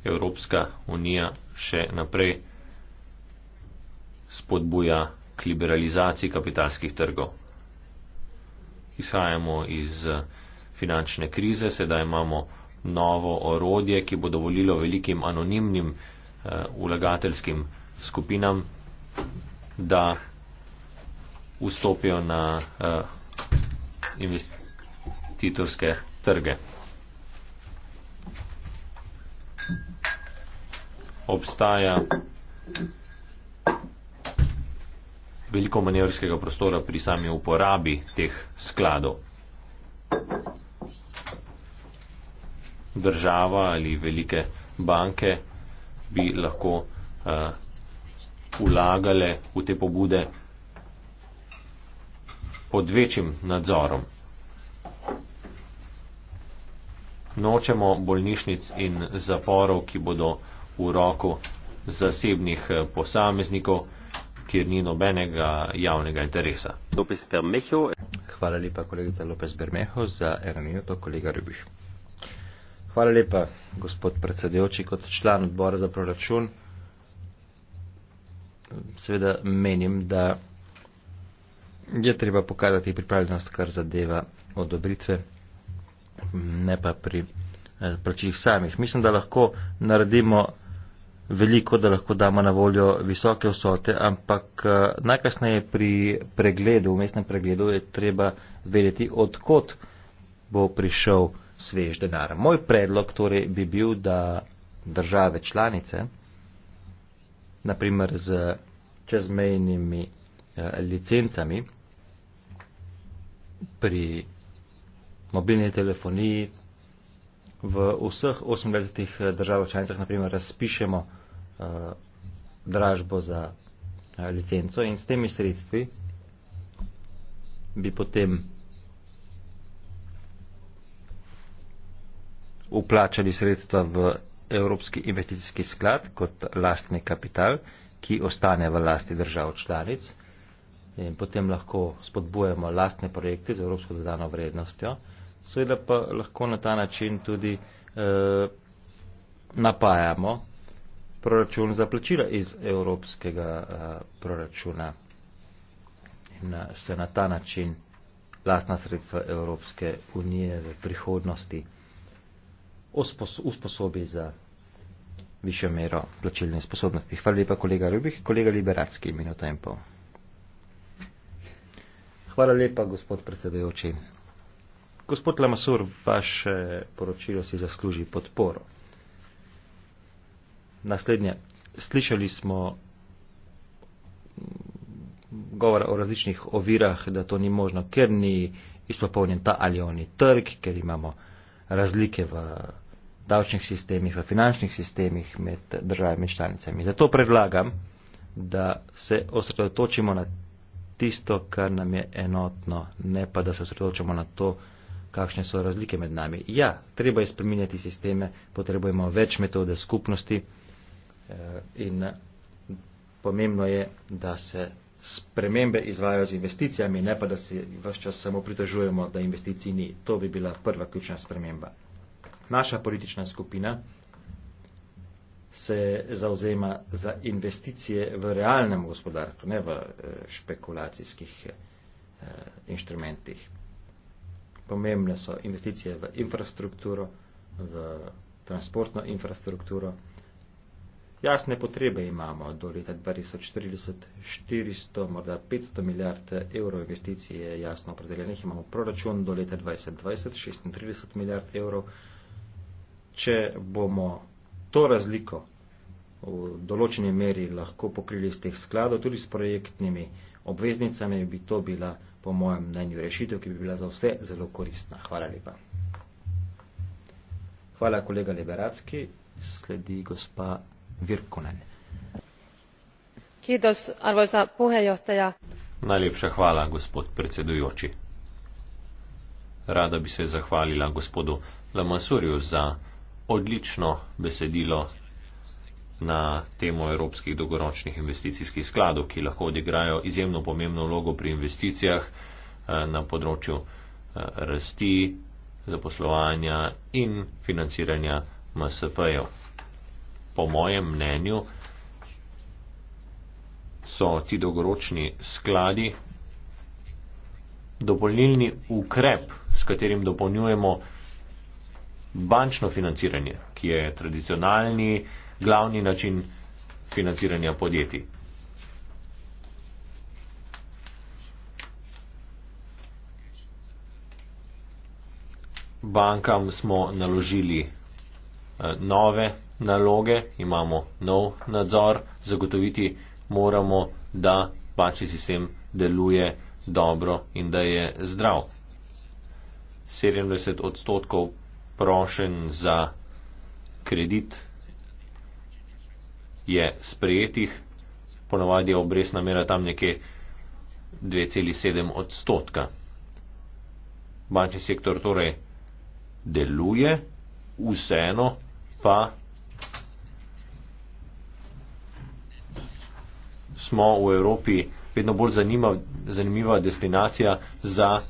Evropska unija še naprej spodbuja k liberalizaciji kapitalskih trgov. Izhajamo iz eh, finančne krize, sedaj imamo novo orodje, ki bo dovolilo velikim anonimnim ulagateljskim eh, uh, skupinam, da vstopijo na uh, investitorske trge. Obstaja veliko manevrskega prostora pri sami uporabi teh skladov država ali velike banke bi lahko uh, vlagale v te pobude pod večjim nadzorom. Nočemo bolnišnic in zaporov, ki bodo v roku zasebnih eh, posameznikov, kjer ni nobenega javnega interesa. Hvala lepa, kolegica Lopez Bermeho, za eno minuto, kolega Rubiš. Hvala lepa, gospod predsedujoči, kot član odbora za proračun. Seveda menim, da je treba pokazati pripravljenost, kar zadeva odobritve, ne pa pri eh, plačih samih. Mislim, da lahko naredimo veliko, da lahko damo na voljo visoke vsote, ampak eh, najkasneje pri pregledu, v mestnem pregledu, je treba vedeti, odkot bo prišel svež denar. Moj predlog torej bi bil, da države članice, naprimer z čezmejnimi eh, licencami pri mobilni telefoniji v vseh 28 eh, državah članicah, naprimer, razpišemo eh, dražbo za licenco in s temi sredstvi bi potem vplačali sredstva v Evropski investicijski sklad kot lastni kapital, ki ostane v lasti držav članic in potem lahko spodbujamo lastne projekte z evropsko dodano vrednostjo, seveda pa lahko na ta način tudi eh, napajamo proračun za plačila iz evropskega eh, proračuna in se na ta način lastna sredstva Evropske unije v prihodnosti usposobi za višjo mero plačilne sposobnosti. Hvala lepa, kolega Rubih. Kolega Liberacki, minuto in pol. Hvala lepa, gospod predsedajoči. Gospod Lamasur, vaše poročilo si zasluži podporo. Naslednje, slišali smo govora o različnih ovirah, da to ni možno, ker ni izpopolnjen ta ali oni trg, ker imamo razlike v davčnih sistemih, v finančnih sistemih med državami in članicami. Zato predlagam, da se osredotočimo na tisto, kar nam je enotno, ne pa da se osredotočimo na to, kakšne so razlike med nami. Ja, treba je spreminjati sisteme, potrebujemo več metode skupnosti eh, in pomembno je, da se spremembe izvajajo z investicijami, ne pa da se vse čas samo pritožujemo, da investicij ni. To bi bila prva ključna sprememba. Naša politična skupina se zauzema za investicije v realnem gospodarstvu, ne v eh, špekulacijskih eh, inštrumentih. Pomembne so investicije v infrastrukturo, v transportno infrastrukturo. Jasne potrebe imamo do leta 2040, 400, morda 500 milijard evrov investicij je jasno opredeljenih, imamo proračun do leta 2020, 36 milijard evrov, če bomo to razliko v določeni meri lahko pokrili iz teh skladov, tudi s projektnimi obveznicami, bi to bila po mojem mnenju rešitev, ki bi bila za vse zelo koristna. Hvala lepa. Hvala, kolega Liberacki. Sledi gospa Virkunen. Kiitos, arvoisa puheenjohtaja. Najlepša hvala, gospod predsedujoči. Rada bi se zahvalila gospodu Lamasurju za odlično besedilo na temo evropskih dolgoročnih investicijskih skladov, ki lahko odigrajo izjemno pomembno vlogo pri investicijah eh, na področju eh, rasti, zaposlovanja in financiranja MSP-jev. Po mojem mnenju so ti dolgoročni skladi dopolnilni ukrep, s katerim dopolnjujemo bančno financiranje, ki je tradicionalni glavni način financiranja podjetij. Bankam smo naložili eh, nove naloge, imamo nov nadzor, zagotoviti moramo, da bančni sistem deluje dobro in da je zdrav. 70 odstotkov prošen za kredit je sprejetih, ponavadi je obresna mera tam nekje 2,7 odstotka. Bančni sektor torej deluje, vseeno pa smo v Evropi vedno bolj zanima, zanimiva destinacija za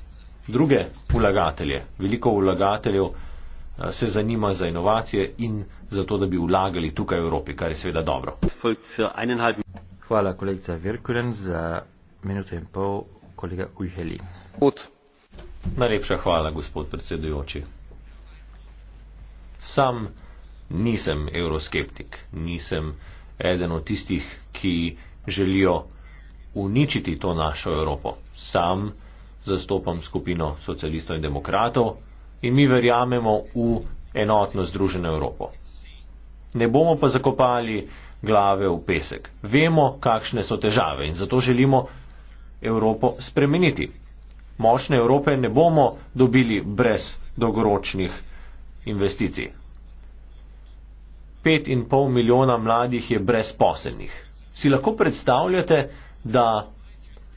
druge vlagatelje. Veliko vlagateljev Eh, se zanima za inovacije in za to, da bi vlagali tukaj v Evropi, kar je seveda dobro. Hvala, kolegica Virkulen, za minuto in pol, kolega Ujheli. Najlepša hvala, gospod predsedujoči. Sam nisem euroskeptik, nisem eden od tistih, ki želijo uničiti to našo Evropo. Sam zastopam skupino socialistov in demokratov in mi verjamemo v enotno združeno Evropo. Ne bomo pa zakopali glave v pesek. Vemo, kakšne so težave in zato želimo Evropo spremeniti. Močne Evrope ne bomo dobili brez dolgoročnih investicij. 5,5 milijona mladih je brezposelnih. Si lahko predstavljate, da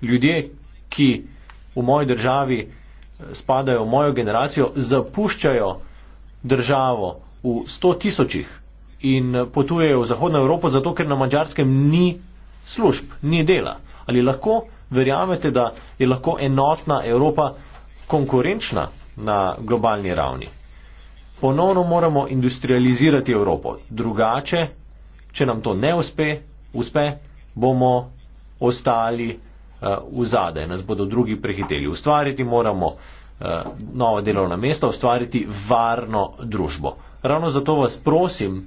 ljudje, ki v moji državi spadajo v mojo generacijo, zapuščajo državo v sto tisočih in potujejo v Zahodno Evropo, zato ker na mačarskem ni služb, ni dela. Ali lahko verjamete, da je lahko enotna Evropa konkurenčna na globalni ravni? Ponovno moramo industrializirati Evropo. Drugače, če nam to ne uspe, uspe bomo ostali uh, eh, vzade, nas bodo drugi prehiteli. Ustvariti moramo uh, nova delovna mesta, ustvariti varno družbo. Ravno zato vas prosim,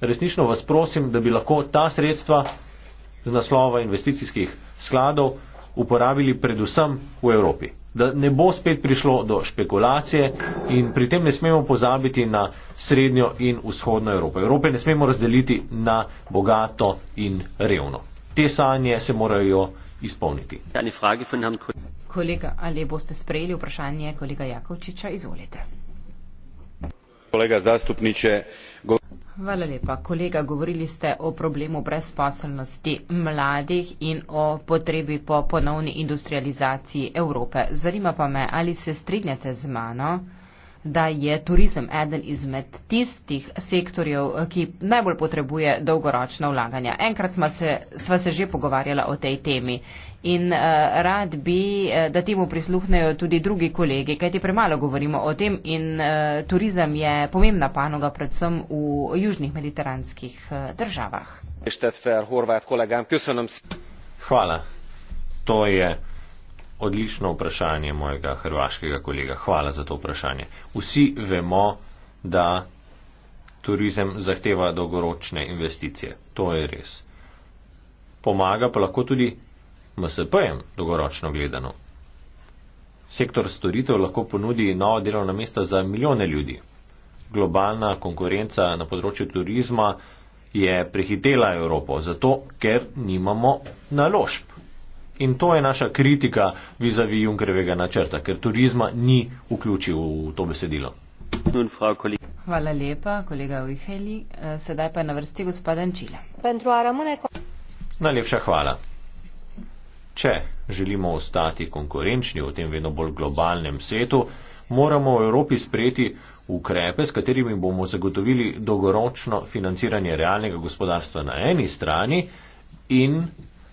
resnično vas prosim, da bi lahko ta sredstva z naslova investicijskih skladov uporabili predvsem v Evropi. Da ne bo spet prišlo do špekulacije in pri tem ne smemo pozabiti na srednjo in vzhodno Evropo. Evrope ne smemo razdeliti na bogato in revno. Te sanje se morajo izpolniti. Kolega, ali boste sprejeli vprašanje kolega Jakovčiča? Izvolite. Kolega zastupniče. Go Hvala lepa. Kolega, govorili ste o problemu brezposelnosti mladih in o potrebi po ponovni industrializaciji Evrope. Zanima pa me, ali se strinjate z mano? da je turizem eden izmed tistih sektorjev, ki najbolj potrebuje dolgoročna vlaganja. Enkrat sva se, sva se že pogovarjala o tej temi in uh, rad bi, eh, da temu prisluhnejo tudi drugi kolegi, kajti premalo govorimo o tem in uh, turizem je pomembna panoga predvsem v južnih mediteranskih uh, državah. Hvala. To je odlično vprašanje mojega hrvaškega kolega. Hvala za to vprašanje. Vsi vemo, da turizem zahteva dolgoročne investicije. To je res. Pomaga pa lahko tudi MSP-jem dolgoročno gledano. Sektor storitev lahko ponudi nova delovna mesta za milijone ljudi. Globalna konkurenca na področju turizma je prehitela Evropo, zato ker nimamo naložb. In to je naša kritika vizavi Junkerjevega načrta, ker turizma ni vključil v to besedilo. Hvala lepa, kolega Uiheli. Eh, sedaj pa je na vrsti gospod Ančila. Najlepša hvala. Če želimo ostati konkurenčni v tem vedno bolj globalnem svetu, moramo v Evropi sprejeti ukrepe, s katerimi bomo zagotovili dolgoročno financiranje realnega gospodarstva na eni strani in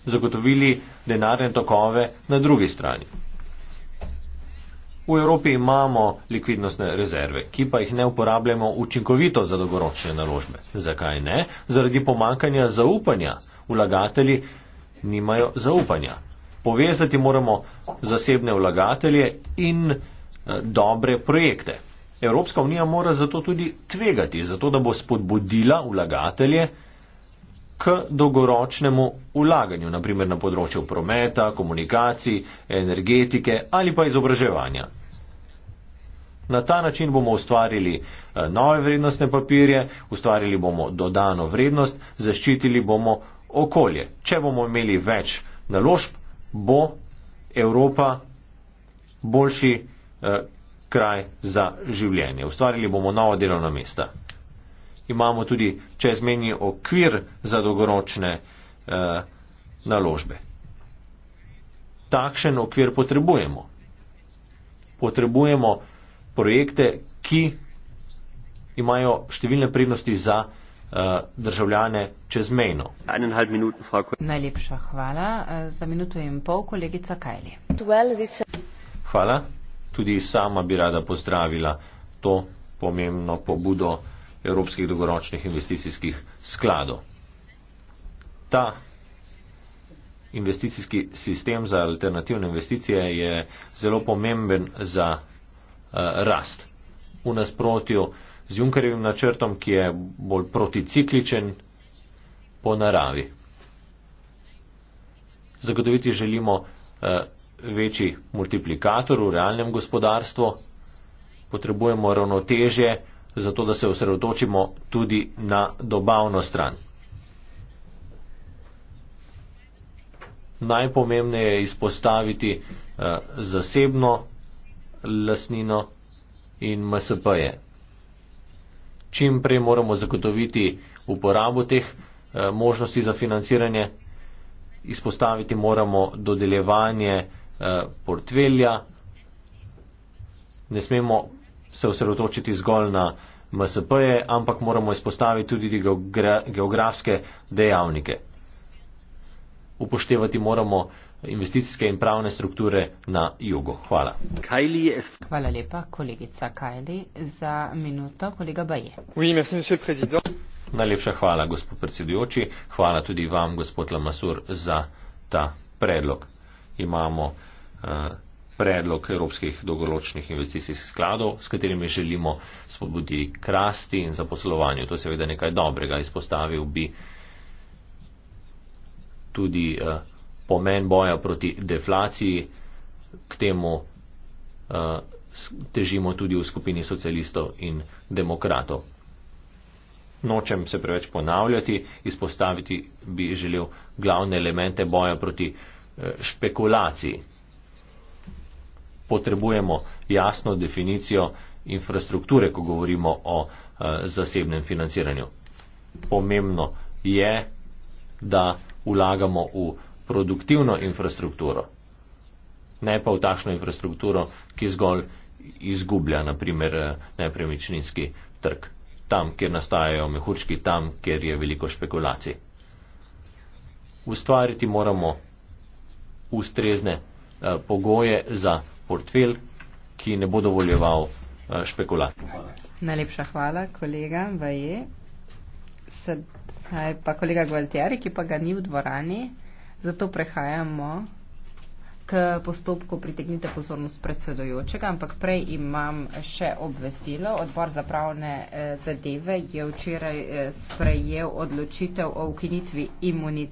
zagotovili denarne tokove na drugi strani. V Evropi imamo likvidnostne rezerve, ki pa jih ne uporabljamo učinkovito za dolgoročne naložbe. Zakaj ne? Zaradi pomankanja zaupanja. Vlagatelji nimajo zaupanja. Povezati moramo zasebne vlagatelje in eh, dobre projekte. Evropska unija mora zato tudi tvegati, zato da bo spodbudila vlagatelje, k dolgoročnemu ulaganju, naprimer na področju prometa, komunikacij, energetike ali pa izobraževanja. Na ta način bomo ustvarili eh, nove vrednostne papirje, ustvarili bomo dodano vrednost, zaščitili bomo okolje. Če bomo imeli več naložb, bo Evropa boljši eh, kraj za življenje. Ustvarili bomo nova delovna mesta imamo tudi čezmeni okvir za dolgoročne eh, naložbe. Takšen okvir potrebujemo. Potrebujemo projekte, ki imajo številne prednosti za eh, državljane čezmejno. Najlepša hvala. Eh, za minuto in pol, kolegica Kajli. Hvala. Tudi sama bi rada pozdravila to pomembno pobudo evropskih dolgoročnih investicijskih skladov. Ta investicijski sistem za alternativne investicije je zelo pomemben za uh, rast. V nasprotju z Junkerjevim načrtom, ki je bolj proticikličen po naravi. Zagotoviti želimo uh, večji multiplikator v realnem gospodarstvu, potrebujemo ravnotežje, zato da se osredotočimo tudi na dobavno stran. Najpomembneje je izpostaviti eh, zasebno lasnino in MSP-je. Čim prej moramo zagotoviti uporabo teh eh, možnosti za financiranje, izpostaviti moramo dodeljevanje eh, portvelja, ne smemo se osredotočiti zgolj na MSP-je, ampak moramo izpostaviti tudi geografske dejavnike. Upoštevati moramo investicijske in pravne strukture na jugu. Hvala. Hvala lepa, kolegica Kajli, za minuto, kolega Baje. Najlepša hvala, gospod predsedujoči. Hvala tudi vam, gospod Lamasur, za ta predlog. Imamo uh, predlog evropskih dolgoročnih investicijskih skladov, s katerimi želimo spodbuditi krasti in zaposlovanje. To je seveda nekaj dobrega. Izpostavil bi tudi uh, pomen boja proti deflaciji, k temu uh, težimo tudi v skupini socialistov in demokratov. Nočem se preveč ponavljati, izpostaviti bi želel glavne elemente boja proti eh, špekulaciji, potrebujemo jasno definicijo infrastrukture, ko govorimo o eh, zasebnem financiranju. Pomembno je, da vlagamo v produktivno infrastrukturo, ne pa v takšno infrastrukturo, ki zgolj izgublja, naprimer, eh, nepremičninski trg, tam, kjer nastajajo mehurčki, tam, kjer je veliko špekulacij. Ustvariti moramo ustrezne eh, pogoje za portfelj, ki ne bo dovoljeval eh, špekulacij. Najlepša hvala, kolega Vaje. Sedaj pa kolega Gualtieri, ki pa ga ni v dvorani, zato prehajamo k postopku pritegnite pozornost predsedojočega, ampak prej imam še obvestilo. Odbor za pravne eh, zadeve je včeraj eh, sprejel odločitev o ukinitvi imunitete.